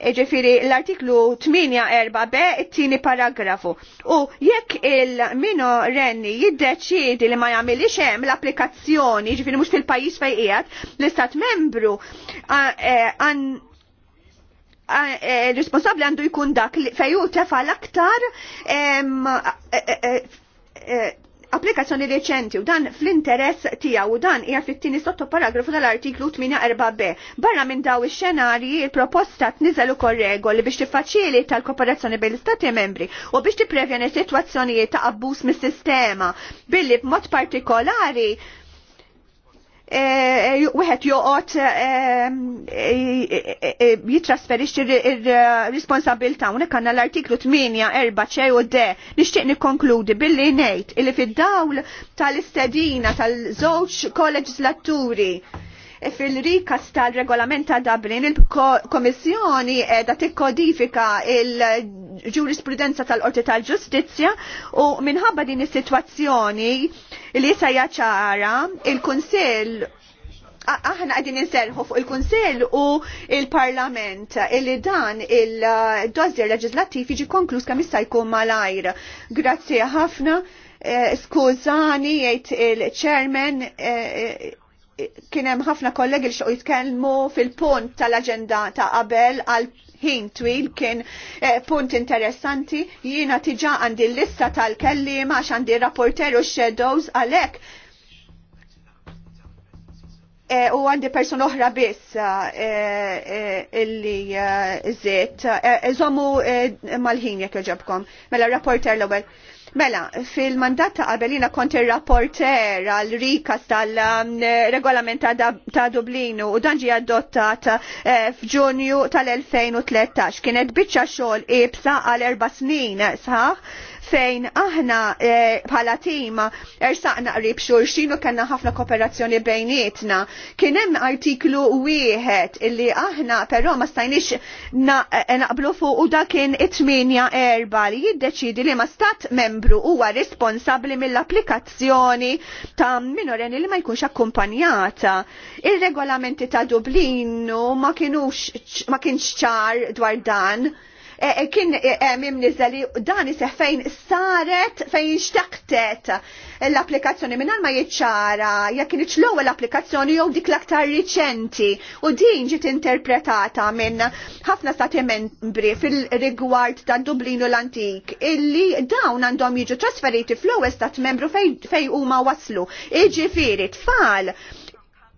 Eġifiri l-artiklu b it-tieni paragrafu. U jekk il-mino renni jiddeċidi li ma jgħamili hemm l-applikazzjoni, ġifiri mhux fil-pajjiż fejn qiegħed, l-istat membru għan e, e, responsabli għandu jkun dak fejju tefa l-aktar applikazzjoni reċenti u dan fl-interess tiegħu u dan hija fit-tieni paragrafu tal-artiklu 84b. Barra minn daw ix-xenarji il-proposta tniżel ukoll regoli biex t-facili tal-kooperazzjoni bejn l membri u biex tipprevjeni sitwazzjonijiet ta' abbuż mis-sistema billi b'mod partikolari Eh, wieħed joqgħod eh, eh, jitrasferixxi r-responsabilità hawnhekk għandna l-artiklu 8 4 u d nixtieq nikkonkludi billi ngħid illi fid-dawl tal-istedina tal-żewġ koleġislaturi fil-rikas tal-regolament ta' Dublin, il-Komissjoni da tikkodifika il-ġurisprudenza tal-Qorti tal-Ġustizzja u minħabba din is-sitwazzjoni li issa ċara il-Kunsill aħna għadin inserħu fuq il-Kunsill u il-Parlament illi dan il dozzer leġislattiv jiġi konkluż kam issa jkun malajr. Grazzi ħafna, eh, skużani jgħid il ċermen eh, eh, kien hemm ħafna kollegi li xoq jitkellmu fil-punt tal agenda ta' qabel ħin twil kien eh, punt interessanti jiena tiġa għandi l-lista tal-kellima għax għandi rapporter u shadows għalek eh, u għandi person oħra biss eh, illi zet. Iżommu mal-ħin jekk ġabkom. Mela rapporter l-ewwel. Mela, fil-mandat ta' qabelina kont ir-rapporter għal rikas tal-regolament ta' Dublinu u dan ġie adottat eh, f'Ġunju tal-2013. Kienet biċċa xogħol ibsa għal erba' snin, saħ? fejn aħna eh, bħala e, tim ersaqna eh, qrib xurxin u kellna ħafna kooperazzjoni bejnietna. Kien hemm artiklu wieħed illi aħna però ma stajniex eh, naqblu fuq u da kien it-tminja erba li jiddeċidi li ma stat membru huwa responsabbli mill-applikazzjoni ta' Minoreni li ma jkunx akkumpanjata. Ir-regolamenti ta' Dublinu ma kienux ma kienx ċar dwar dan E, e, kien jemim e, nizzali dan seħ fejn saret fejn xtaqtet l-applikazzjoni minn ma jiċċara jekk kien iċlow l-applikazzjoni jew dik l-aktar riċenti u din ġiet interpretata minn ħafna stati membri fil-rigward ta' Dublinu l-Antik illi dawn għandhom jiġu trasferiti fl-ewwel stat membru fej huma waslu. firit tfal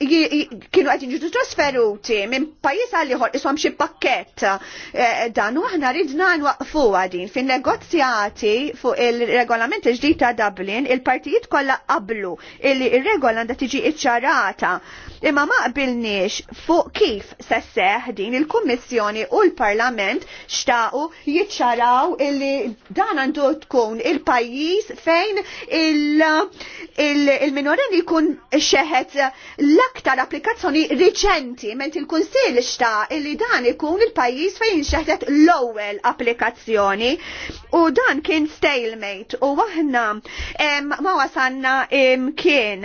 kienu għedin ġudu trasferuti minn pajis għalliħor isom xie pakket eh, dan u aħna ridna nwaqfu għadin fin negozjati fuq il-regolament ġdid ta' Dublin il-partijiet kollha qablu il-regola għandha tiġi iċċarata imma ma qbilniex fuq kif se seħ din il-Kummissjoni u l-Parlament xtaqu jiċċaraw illi dan għandu tkun il-pajjiż fejn il-minorenni il, jkun xeħet l-aktar applikazzjoni riċenti, ment il kunsil xtaq illi dan ikun il-pajjiż fejn xeħet l-ewwel applikazzjoni u dan kien stalemate u aħna ma wasanna kien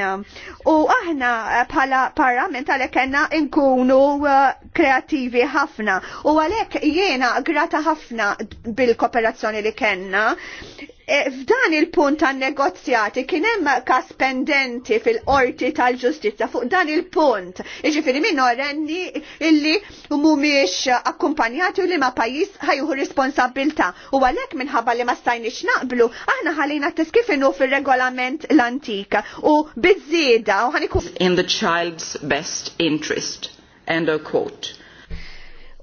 u aħna pala, pala fil-parlament talek enna nkunu uh, kreativi ħafna u għalhekk jiena grata ħafna bil-kooperazzjoni li kellna E, f'dan il-punt tan negozjati kien hemm kas pendenti fil-qorti tal-ġustizzja fuq dan il-punt. Jiġifieri min orenni illi mhumiex akkumpanjati u li ma pajjiż ħajjuħu responsabilta. U għalhekk minħabba li ma stajniex naqblu, aħna ħalina t-tiskifinu fir regolament l-antika u biżieda u ħaniku. In the child's best interest. End of quote.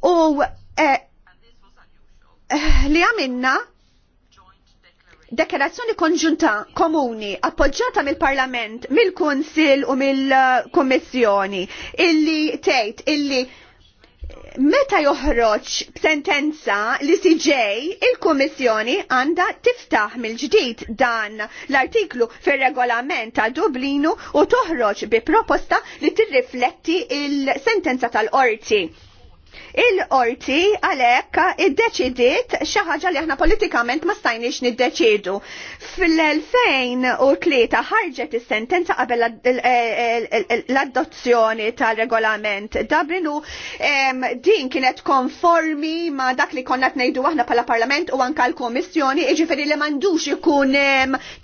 U eh, eh li għamilna dekarazzjoni konġunta komuni appoġġata mill-Parlament, mill-Kunsil u mill-Kommissjoni illi tgħid illi meta joħroġ sentenza li CJ il-Kummissjoni għandha tiftaħ mill-ġdid dan l-artiklu fir-regolament ta' Dublinu u toħroġ bi proposta li tirrifletti il-sentenza tal-qorti Il-qorti għalhekk iddeċidiet xi ħaġa li aħna politikament ma stajniex niddeċidu. Fil-2003 ħarġet is-sentenza qabel e- e- e- l-adozzjoni tal-regolament Dublin u din kienet konformi ma dak li konna tnejdu aħna bħala Parlament u anka l-Kummissjoni, jiġifieri li m'għandux ikun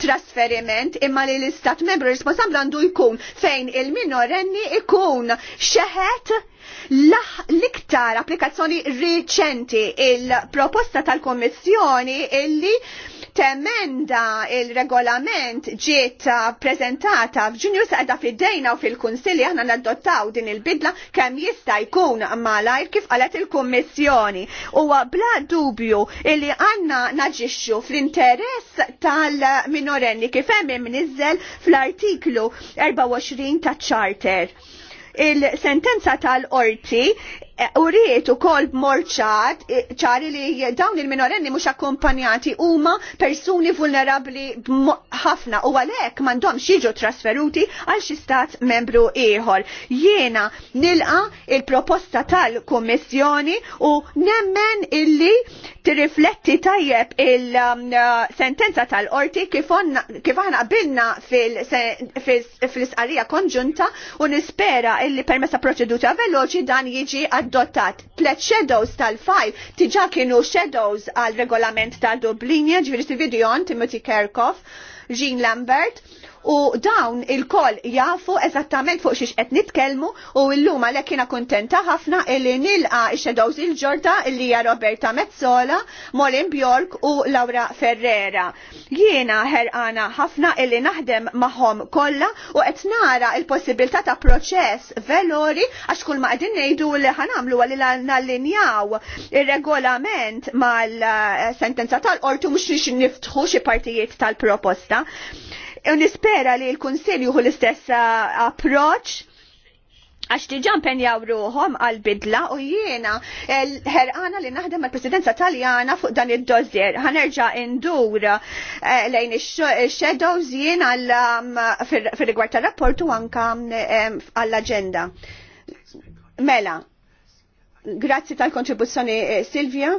trasferiment imma li l-istat membru responsabbli għandu jkun fejn il-minorenni ikun xeħet l-iktar applikazzjoni riċenti il-proposta tal-Kommissjoni illi temenda il-regolament ġiet prezentata f'Ġunju saqda fid-dejna u fil-Kunsilli aħna nadottaw din il-bidla kemm jista' jkun malajr kif qalet il-Kummissjoni. Huwa bla dubju illi għandna naġixxu fl-interess tal-minorenni kif hemm imniżżel fl-artiklu 24 ta' Charter il-sentenza tal-orti Eh, u rrit u kol morċat ċari li dawn il-minorenni mux akkompanjati huma persuni vulnerabli ħafna u għalek mandom xieġu trasferuti għal xi stat membru ieħor. Jiena nilqa il-proposta tal-Kummissjoni u nemmen illi tirrifletti tajjeb il-sentenza um, eh, tal-qorti kif aħna qabilna fil-sqarrija konġunta u nispera illi permessa proċeduta veloċi dan jiġi għad adottat tlet shadows tal file tiġa kienu shadows għal regolament tal Dublinja ġviri Silvi Dion, Timothy Kerkhoff, Jean Lambert, u dawn il-koll jafu eżattament fuq xiex qed nitkellmu u llum għalhekk jiena kuntenta ħafna illi nilqa x-shadows il-ġorda illi hija Roberta Mezzola, Molin Bjork u Laura Ferrera. Jiena ħerqana ħafna illi naħdem magħhom kollha u qed nara l-possibilità ta' proċess velori għax kull ma qegħdin ngħidu li ħanamlu għalli nallinjaw ir-regolament mal-sentenza eh, tal-qortu mhux nix niftħu xi partijiet tal-proposta. Nispera li l-Kunsill juhu l-istess uh, approċ għax diġa mpenjaw ruħom għal-bidla u jiena eh, ħerqana li naħdem mal presidenza taljana fuq dan id-dozier. Ħanerġa indur eh, lejn il-shadows jiena um, fil-rigward tal-rapportu anka għall-agenda. Mela, grazzi tal-kontribuzzjoni eh, Silvia.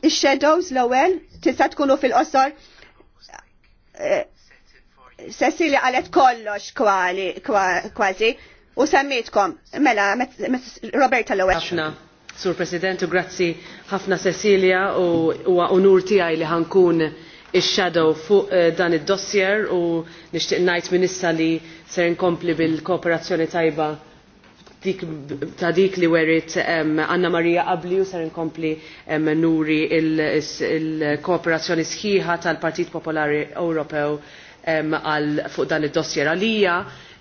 Il-shadows l-ewel, tista' tkunu fil-qosor Cecilia għalet kollox kwali kważi u semmitkom. Mela, Roberta Lowe. ewel Sur u grazzi ħafna Cecilia u huwa onur tiegħi li ħankun ix-shadow fuq eh, dan id-dossier u nixtieq ngħid minissa issa li ser nkompli bil-kooperazzjoni tajba ta' dik li werit Anna Maria Abli u ser inkompli nuri il-kooperazzjoni sħiħa tal-Partit Popolari Ewropew fuq dan id-dossier għalija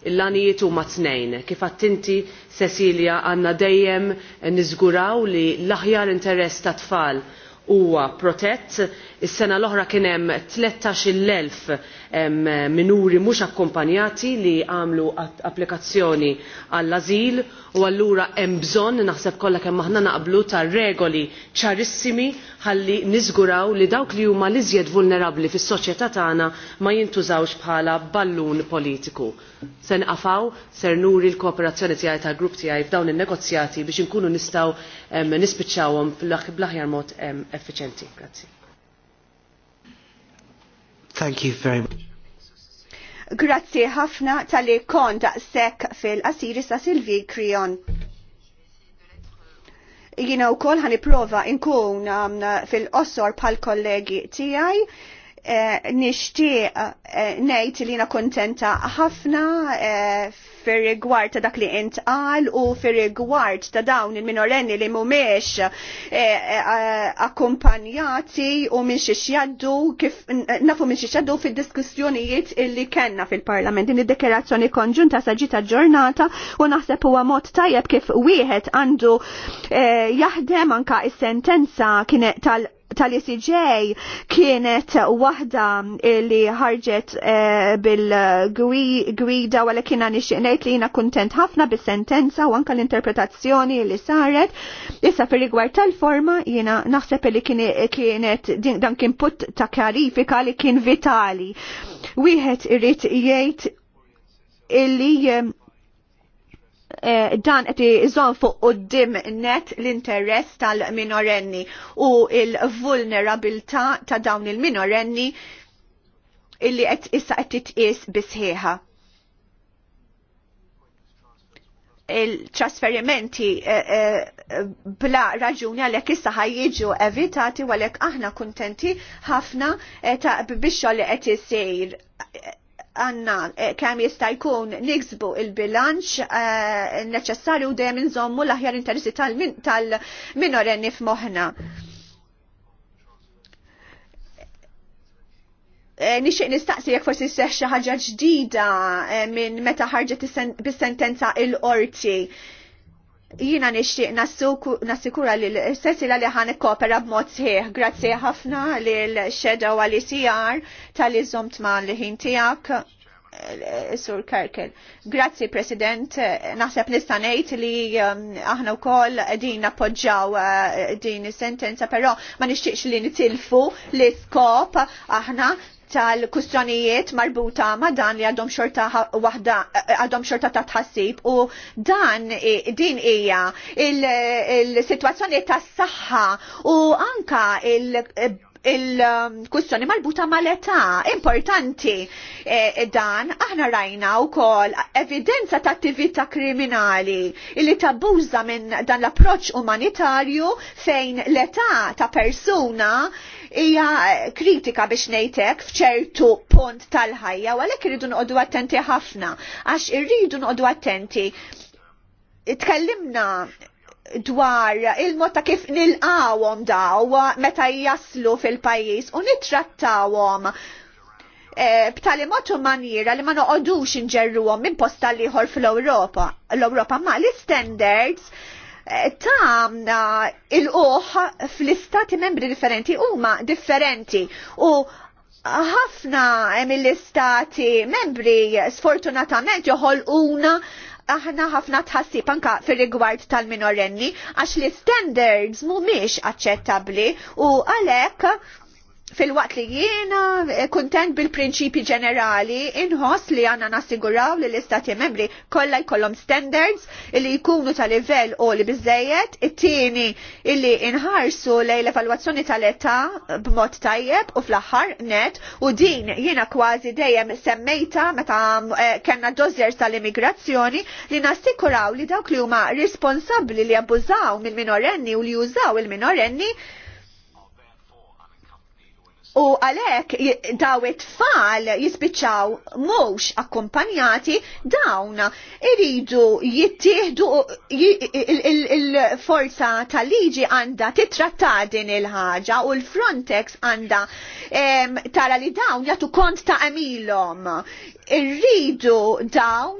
l għanijiet huma tnejn. Kif attinti Cecilia għandna dejjem niżguraw li l-aħjar interess ta' tfal huwa protett Is-sena l-oħra kien hemm 13,000 minuri mhux akkumpanjati li għamlu applikazzjoni għall-ażil u allura hemm bżonn naħseb kollha kemm aħna naqblu ta' regoli ċarissimi ħalli niżguraw li dawk li huma l-iżjed vulnerabbli fis-soċjetà tagħna ma jintużawx bħala ballun politiku. Se nqafaw ser nuri l-kooperazzjoni tiegħi tal-grupp tiegħi f'dawn in-negozjati biex inkunu nistgħu nispiċċawhom bl-aħjar mod effiċenti. Grazzi. Thank you very much. Grazzi ħafna tal-li kon daqsek fil-qasiri sa' Silvi Krion. Jina u kol ħani prova inkun um, fil-qossor pal-kollegi tijaj. E, eh, nishtiq e, eh, nejt li na kontenta ħafna eh, fir-rigward ta' dak li intqal u fir-rigward ta' dawn il-minorenni li mhumiex eh, eh, akkumpanjati u minn xi xjaddu kif nafu minn xi xjaddu fid-diskussjonijiet illi kellna fil-Parlament. Din id-dekerazzjoni konġunta sa ġita ġurnata u naħseb huwa mod tajjeb kif wieħed għandu eh, jaħdem anka is-sentenza kienet tal- tal-ECJ kienet wahda li ħarġet eh, bil-gwida għala kiena nixqnejt li jina kontent ħafna bis-sentenza u anka l-interpretazzjoni li saret. Issa per rigward tal-forma jina naħseb li kienet dan kien put ta' karifika li kien vitali. Wieħed irrit jgħid illi eh, Eh, dan qed zon fuq qudiem net l-interess tal-minorenni u il-vulnerabilità ta' dawn il-minorenni illi qed issa qed titqies bisħiħa. Il-trasferimenti eh, eh, bla raġuni għalhekk issa ħajġu evitati għalek aħna kuntenti ħafna ta' bixxol li qed isir għanna eh, kem jista' jkun niksbu il-bilanċ eh, neċessarju dejjem inżommu l-aħjar interessi tal-minorenni f'moħħna. Eh, nixtieq nistaqsi jekk forsi seħ xi ħaġa ġdida minn meta ħarġet bis-sentenza il-qorti. l il qorti jina nixtieq nassikura li l-sessila li ħan ikkopera b'mod sħiħ. Grazzi ħafna lil u e għal ICR tal-iżomt ma' li ħin tiegħek. Eh, Sur Kerkel. Grazzi, President. Naħseb nista' ngħid li um, aħna wkoll din appoġġaw eh, din is-sentenza, però ma nixtieqx li nitilfu l-iskop aħna tal-kustjonijiet marbuta ma dan li għadhom xorta waħda eh, għadhom xorta ta' tħassib u dan din hija il-sitwazzjoni il tas-saħħa u anka il- il-kustjoni marbuta mal-età importanti e, dan aħna rajna u kol evidenza ta' attività kriminali illi tabbuża minn dan l-approċ umanitarju fejn l-età ta' persuna hija kritika biex nejtek f'ċertu punt tal-ħajja u għalhekk irridu noqogħdu attenti ħafna għax irridu noqogħdu attenti. Tkellimna dwar il-mod ta' kif nilqawhom daw meta jaslu fil-pajjiż u nittrattawhom e, b'tali mod u maniera li ma noqogħdux inġerruhom minn posta liħor fl-Ewropa. L-Ewropa ma li standards ta' il uħ fl-istati membri differenti huma differenti u ħafna mill-istati membri sfortunatament una aħna ħafna tħassib anka fir rigward tal-minorenni għax li standards mhumiex aċċettabbli u għalhekk fil-waqt li jiena eh, kuntent bil-prinċipi ġenerali inħoss li għanna nassiguraw li l-istati membri kollha jkollhom standards li jkunu ta' livell u li bizzejet, it-tieni illi inħarsu lej l-evalwazzjoni tal-età b'mod tajjeb u fl-aħħar net u din jiena kważi dejjem semmejta meta eh, kellna dożers tal-immigrazzjoni li nassiguraw li dawk li huma responsabbli li abbużaw mill-minorenni u li jużaw il-minorenni U għalek daw it-tfal jispiċaw mux akkumpanjati dawn iridu jittieħdu il-forza tal-liġi għanda titratta din il-ħaġa u l-Frontex għanda tara li dawn jatu kont ta' emilom irridu dawn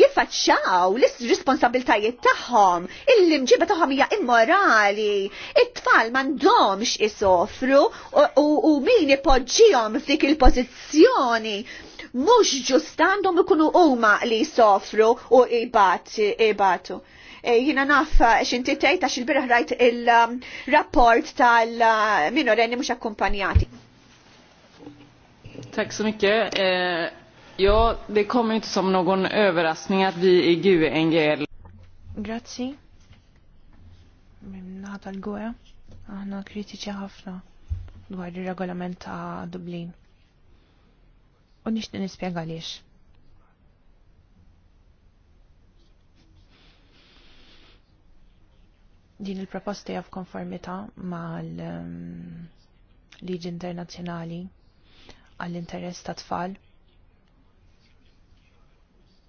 jiffaċċaw l-responsabiltajiet tagħhom. Il-limġiba tagħhom hija immorali. It-tfal m'għandhomx isofru u min ipoġġihom f'dik il-pożizzjoni mhux ġustandom ikunu huma li jsofru u ibatu. E, jina naf xinti tgħid xil il-biraħ rajt il-rapport um, tal-minorenni uh, mhux akkumpanjati. Tack så mycket. Eh, ja, det kommer inte som någon överraskning att vi i GUE-NGL... Grazie. Minna tal-GUE. Aħna kritiċi ħafna dwar det regulament av Dublin. Och U nixtieq nispjega għaliex. Din il-proposta hija f'konformità mal ehm, liġi internazzjonali għall-interess ta' tfal.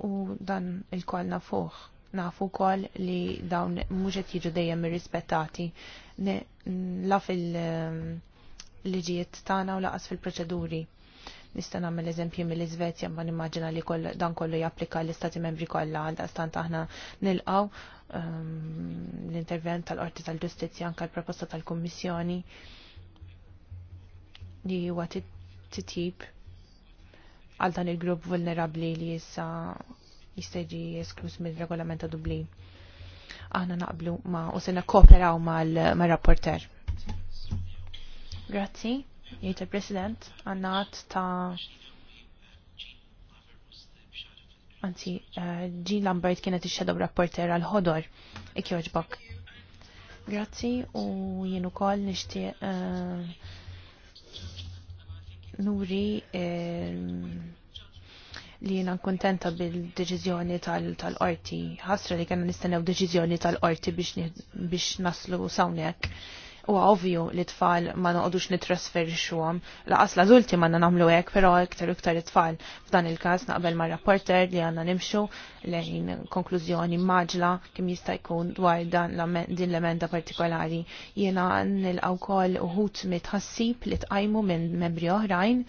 U dan il kol nafuħ. Nafu kol li dawn muġet jiġu dejjem irrispettati. Laf il um, liġijiet tagħna u laqas fil-proċeduri. Nista' nagħmel eżempji mill-Iżvezja ma nimmaġina li dan kollu japplika l-Istati Membri kollha għal stant aħna nilqgħu um, l-intervent tal-Qorti tal-Ġustizzja anke l-proposta tal-Kummissjoni li huwa titjib għal dan il-grupp vulnerabli li jissa jistegġi esklus mill-regolament ta' Dublin. Aħna naqblu ma u sena kooperaw mal-rapporter. Grazzi, jgħid il-President, għannat ta' Anzi, eh, Jean Lambert kienet ix-shadow rapporter għal ħodor ikjoġbok. Grazzi u jien ukoll nixtieq uh, nuri ehm, li jena kontenta bil-deċizjoni tal-qorti. Għasra li kena nistennew deċizjoni tal-qorti biex naslu sawnek. Huwa ovvju li tfal ma noqogħdux nitrasferixxuhom. Laqas l zulti ma nagħmlu hekk, però iktar iktar it-tfal. F'dan il-każ naqbel ma' rapporter li għandna nimxu lejn konklużjoni maġla kim jista' jkun dwar dan din l-emenda partikolari. Jiena nilqgħu wkoll uħut mitħassib li tqajmu minn membri oħrajn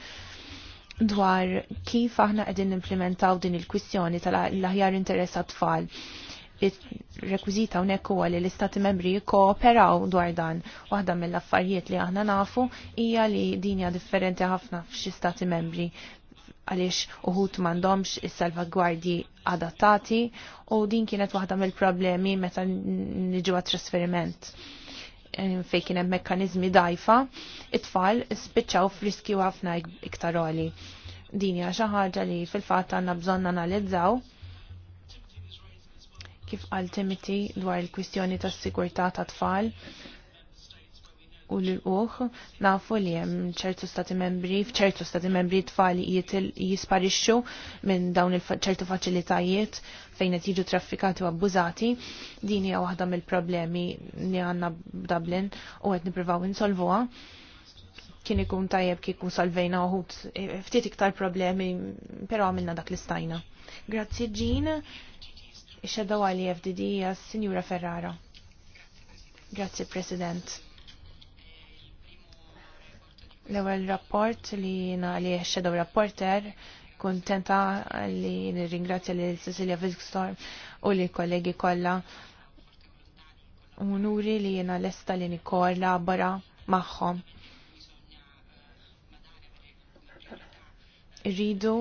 dwar kif aħna qegħdin nimplementaw din il-kwistjoni tal-aħjar interess tfal il-rekwizita unek huwa li l-istati membri kooperaw dwar dan. Waħda mill-affarijiet li aħna nafu hija li dinja differenti ħafna f'xi stati membri għaliex uħut mandomx is-salvagwardji adattati u din kienet waħda mill-problemi meta niġu trasferiment fej kien hemm mekkaniżmi dajfa, it-tfal spiċċaw f'riskju ħafna iktaroli. oli. Din hija xi ħaġa li fil-fatt għandna bżonn analizzaw kif qal Timothy dwar il-kwistjoni tas sigurtà ta' tfal u l-uħ nafu li hemm ċertu stati membri, ċertu stati membri tfal jisparixxu minn dawn ċertu faċilitajiet fejn qed jiġu traffikati u abbużati. Din hija waħda mill-problemi li għandna b'Dublin u qed nippruvaw insolvuha kien ikun tajjeb kieku salvejna uħut e, ftit iktar problemi, pero għamilna dak l-istajna. Grazzi Jean, Ix-xedaw għali e FDD għas Sinjura Ferrara. Grazzi, President. L-ewel rapport li jina li xedaw rapporter kontenta li nirringrazzja li Cecilia Vigstorm u li kollegi kolla unuri li jina l-esta li nikor labara maħħom. Rridu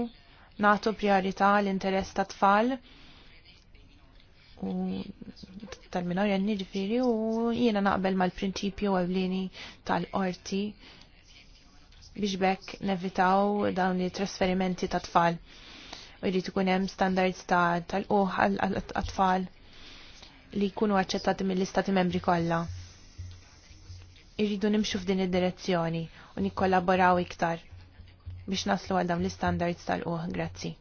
natu priorità l-interess ta' tfal tal-minorjenni ġifiri u jiena naqbel mal-prinċipju għavlini tal-qorti biex bekk nevitaw dawn li trasferimenti ta' tfal. U jrid ikun hemm standards tal-uħ għal-tfal li jkunu aċċettati mill-istati membri kollha. Irridu nimxu f'din id-direzzjoni u nikkollaboraw iktar biex naslu għal dawn l-standards tal-uħ. Grazzi.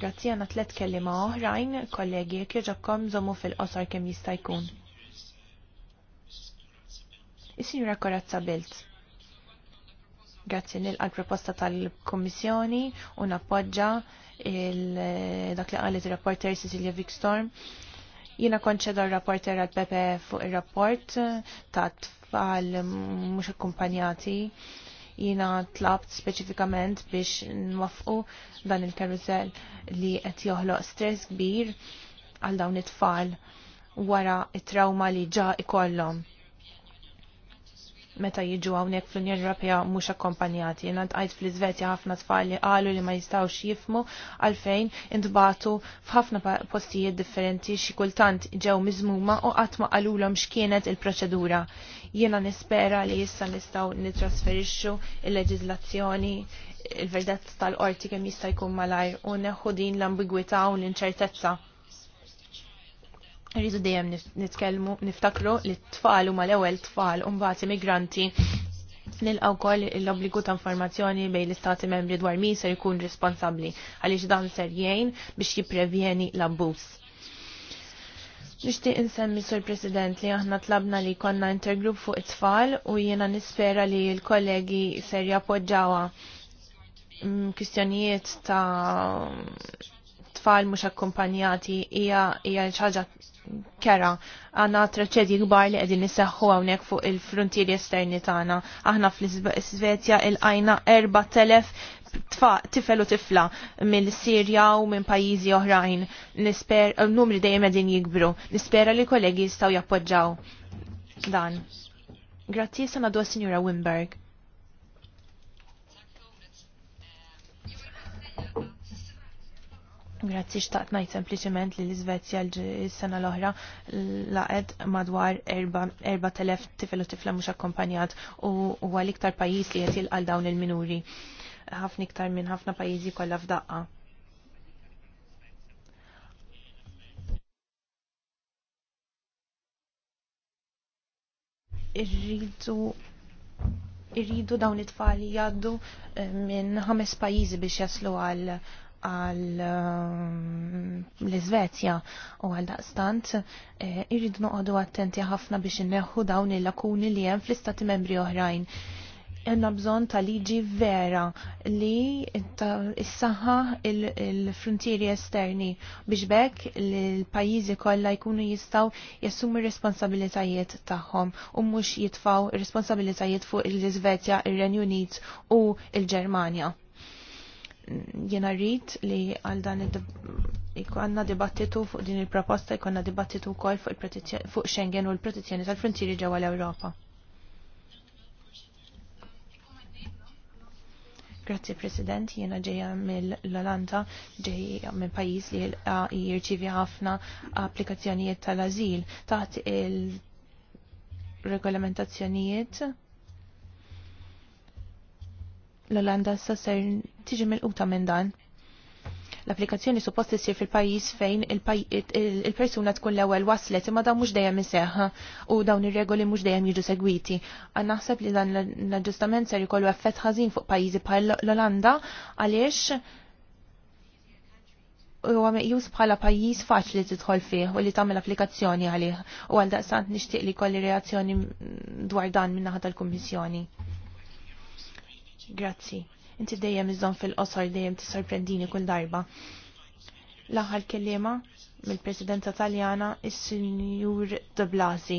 Grazzi għana tlet kellima oħrajn, kollegi, kieġobkom zomu fil-qosor kem jista' jkun. Is-Sinjura Korazza Bilt. Grazzi nilqa proposta tal-Kommissjoni u nappoġġa dak li qalet il-rapporter Cecilia Vickstorm. Jina konċeda r-rapporter għal Pepe fuq il-rapport ta' tfal mux akkumpanjati jina tlabt specifikament biex nwafqu dan il-karuzel li qed joħloq stress kbir għal dawn it-tfal wara it-trauma li ġa ikollhom meta jiġu hawnhekk fl-Unjoni Ewropea mhux akkompanjati. Jiena ntqajt fl-Iżvezja ħafna tfal li qalu li ma jistgħux jifmu għalfejn intbatu f'ħafna postijiet differenti xi kultant ġew miżmuma u qatt ma qalulhom x'kienet il-proċedura. Jiena nispera li issa nistgħu nitrasferixxu il-leġiżlazzjoni il-verdett tal-qorti kemm jista' jkun malajr u neħħu din l-ambigwità u l-inċertezza rridu dejjem nitkellmu niftakru li t-tfal huma l-ewwel tfal u migranti immigranti nilqgħu wkoll l-obbligu ta' informazzjoni bejn l-istati membri dwar min ser ikun responsabbli għaliex dan ser jgħin biex jipprevjeni l-abbuż. Nixtieq insemmi sur President li aħna tlabna li konna intergrupp fuq it-tfal u jiena nispera li l-kollegi ser jappoġġawha mm, kwistjonijiet ta' tfal mhux akkumpanjati hija hija ħaġa kera għandna traċedji kbar li qegħdin niseħħu hawnhekk fuq il-frontieri esterni tagħna. Aħna fl-Svezja ilqajna 4000 tifel u tifla mill sirja u minn pajjiżi oħrajn. Nisper numri dejjem qegħdin jikbru. Nispera li kollegi jistgħu jappoġġaw dan. Grazzi sa dwa Sinjura Wimberg. Thank you. Grazzi xtaqt najt sempliciment li l-Izvezja l-sena l-oħra laqed madwar 4.000 tifel u tifla mux akkompanjat u għal iktar pajis li jtil għal dawn il-minuri. ħafna iktar minn ħafna pajizi kollha f'daqqa. Irridu irridu dawn it-tfal jaddu eh, minn ħames pajjiżi biex jaslu għal għal ehm, l u għal daqstant eh, irridu noqogħdu attenti ħafna biex inneħħu dawn il-lakuni li hemm fl-istati membri oħrajn. Għanna bżon ta' liġi vera li s-saħħa il-frontieri esterni biex bekk l-pajizi kollha jkunu jistaw jessumu responsabilitajiet tagħhom u mhux jitfaw responsabilitajiet fuq il-Svezja, ir-Renju Unit u il-Ġermanja jena rrit li għal dan għanna dibattitu fuq din il-proposta ikonna dibattitu kol fuq, Schengen u l-protezzjoni tal-frontieri ġewwa l-Ewropa. Grazie President, jena ġeja mill-Olanda, ġeja minn pajis li jirċivi ħafna applikazzjonijiet tal-azil taħt il-regolamentazzjonijiet l-Olanda sa ser tiġi mill-quta minn dan. L-applikazzjoni suppost issir fil-pajjiż fejn il-persuna tkun l-ewwel waslet imma dawn mhux dejjem iseħħ u dawn ir-regoli mhux dejjem jiġu segwiti. Għan naħseb li dan l-aġġustament ser jkollu effett ħażin fuq pajjiżi bħal l-Olanda għaliex huwa meqjus bħala pajjiż faċli tidħol fih u li tagħmel applikazzjoni għalih u għal daqsant nixtieq li kolli reazzjoni dwar dan minn naħa tal-Kummissjoni. Grazzi. Inti dejjem iżon fil-qosor dejjem tisorprendini kull darba. L-aħħar kellima mill-Presidenza Taljana is-Sinjur De Blasi.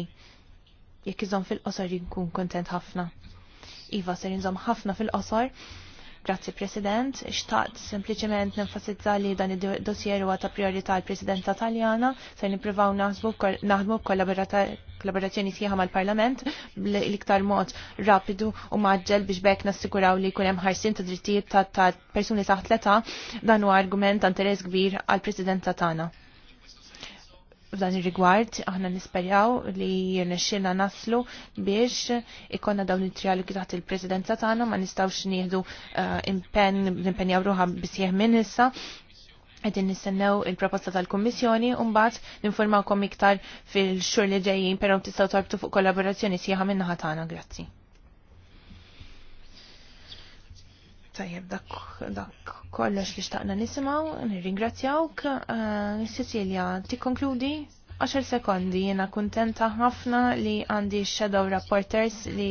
Jekk iżon fil-qosor jinkun kontent ħafna. Iva ser inżom ħafna fil-qosor. Grazzi President, xtaqt sempliciment nenfasizza li dan id-dossier huwa ta' priorità l-Presidenza Taljana, se nippruvaw naħdmu kollaborazzjoni sħiħa mal-Parlament l-iktar mod rapidu u maġġel biex bekk nassiguraw li kunem ħarsin ta' drittijiet ta' persuni taħt l-età dan huwa argument ta' interess kbir għal-Presidenza tagħna f'dan ir-rigward aħna nisperjaw li jirnexxilna naslu biex ikonna dawn it-trialogi taħt il-presidenza tagħna ma nistgħux nieħdu eh, impenn nimpenjaw ruħha bisjeħ minn issa qegħdin nistennew il-proposta tal-Kummissjoni u mbagħad ninformawkom iktar fil-xhur li ġejjin però tistgħu torbtu fuq kollaborazzjoni sieħa min-naħa tagħna. Grazzi. Tajjeb, dak, dak kollox li xtaqna nisimaw, nirringrazzjawk. Uh, Cecilia, ti konkludi? 10 sekondi jena kontenta ħafna li għandi shadow reporters li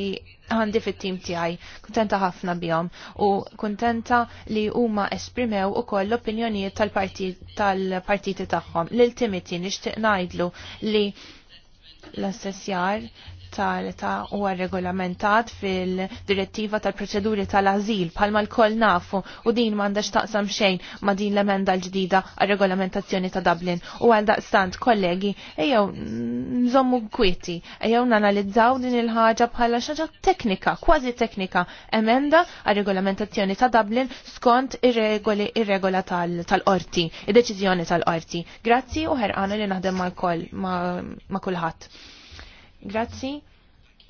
għandi fit-tim tiegħi. Kontenta ħafna bihom u kontenta li huma esprimew ukoll l-opinjonijiet tal-partiti tagħhom. l Timothy nixtieq ngħidlu li l-assessjar tal huwa regolamentat fil-direttiva tal-proċeduri tal-azil bħalma l-koll nafu u din m'għandax taqsam xejn ma' din l-emenda l-ġdida għal-regolamentazzjoni ta' Dublin u għal daqstant kollegi ejjew nżommu kwieti ejjew nanalizzaw din il-ħaġa bħala xaġa teknika, kważi teknika, emenda għal-regolamentazzjoni ta' Dublin skont ir-regoli ir-regola tal-qorti, id-deċiżjoni tal-qorti. Grazzi u ħerqana li naħdem ma' kullħat. Grazzi.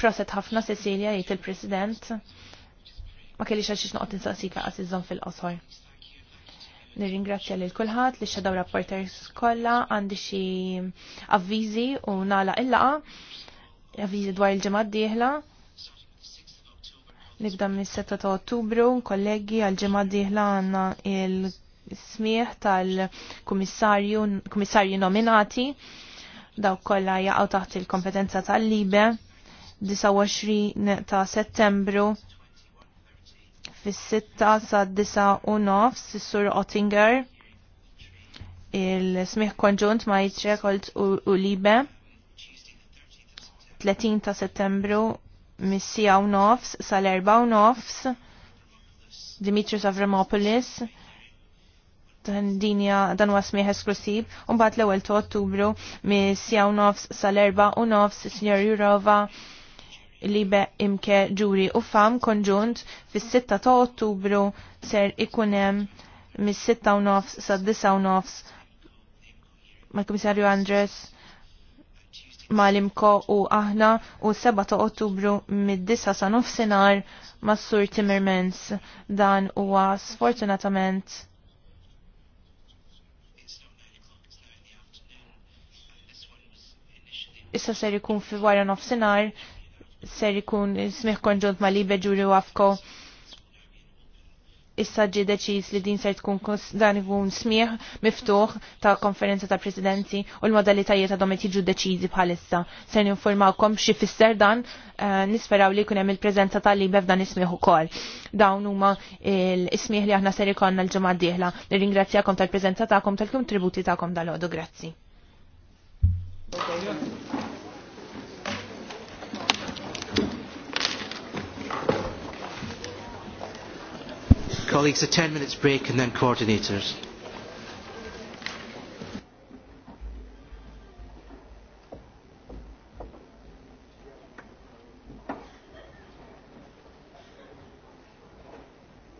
Proset ħafna Cecilia jgħid il-President. Ma kellix għal xiex noqgħod insaqsika laqas iżżomm fil-qosor. Nirringrazzja lil kulħadd li xadaw rapporters kollha għandi xi avviżi u nala il-laqa. Avviżi dwar il-ġimgħa d-dieħla. Nibda mis-7 ta' Ottubru, kollegi għal ġimgħa d-dieħla għandna il-smieħ tal-kummissarju nominati daw kollha jaqgħu taħt il-kompetenza tal-libe 29 ta' settembru fis-6 sa' 9 u nofs sur Ottinger il-smiħ konġunt ma' jitrekolt u libe 30 ta' settembru missija u nofs sal Erba' u nofs Dimitris Avramopoulos dinja dan wasmiħ esklusiv, bat l ewwel ta' ottubru mi sjaw nofs sal-erba u nofs Signor Jurova li be imke ġuri u fam konġunt fis-6 ta' ottubru ser ikunem mis-6 u nofs sa' 9 u nofs ma' komissarju Andres ma' limko u aħna u 7 ta' ottubru mid-9 sa' nofsinar ma' sur Timmermans dan huwa sfortunatament issa ser ikun fi wara nofsinhar ser ikun smih konġunt ma' Libe Ġuri Wafko. Issa ġi deċiż li din ser tkun dan ikun smieħ miftuħ ta' konferenza ta' presidenzi u l-modalitajiet għadhom qed jiġu deċiżi bħalissa. Ser ninformawkom xi fisser dan eh, nisperaw li jkun hemm il-preżenza ta' Libe f'dan ismiħ ukoll. Dawn huma l ismiħ li aħna ser ikollna l-ġimgħa d-dieħla. Nirringrazzjakom tal-preżenza tagħkom tal-kontributi tagħkom dal-għodu. Grazzi. Colleagues, a 10 minutes break and then coordinators.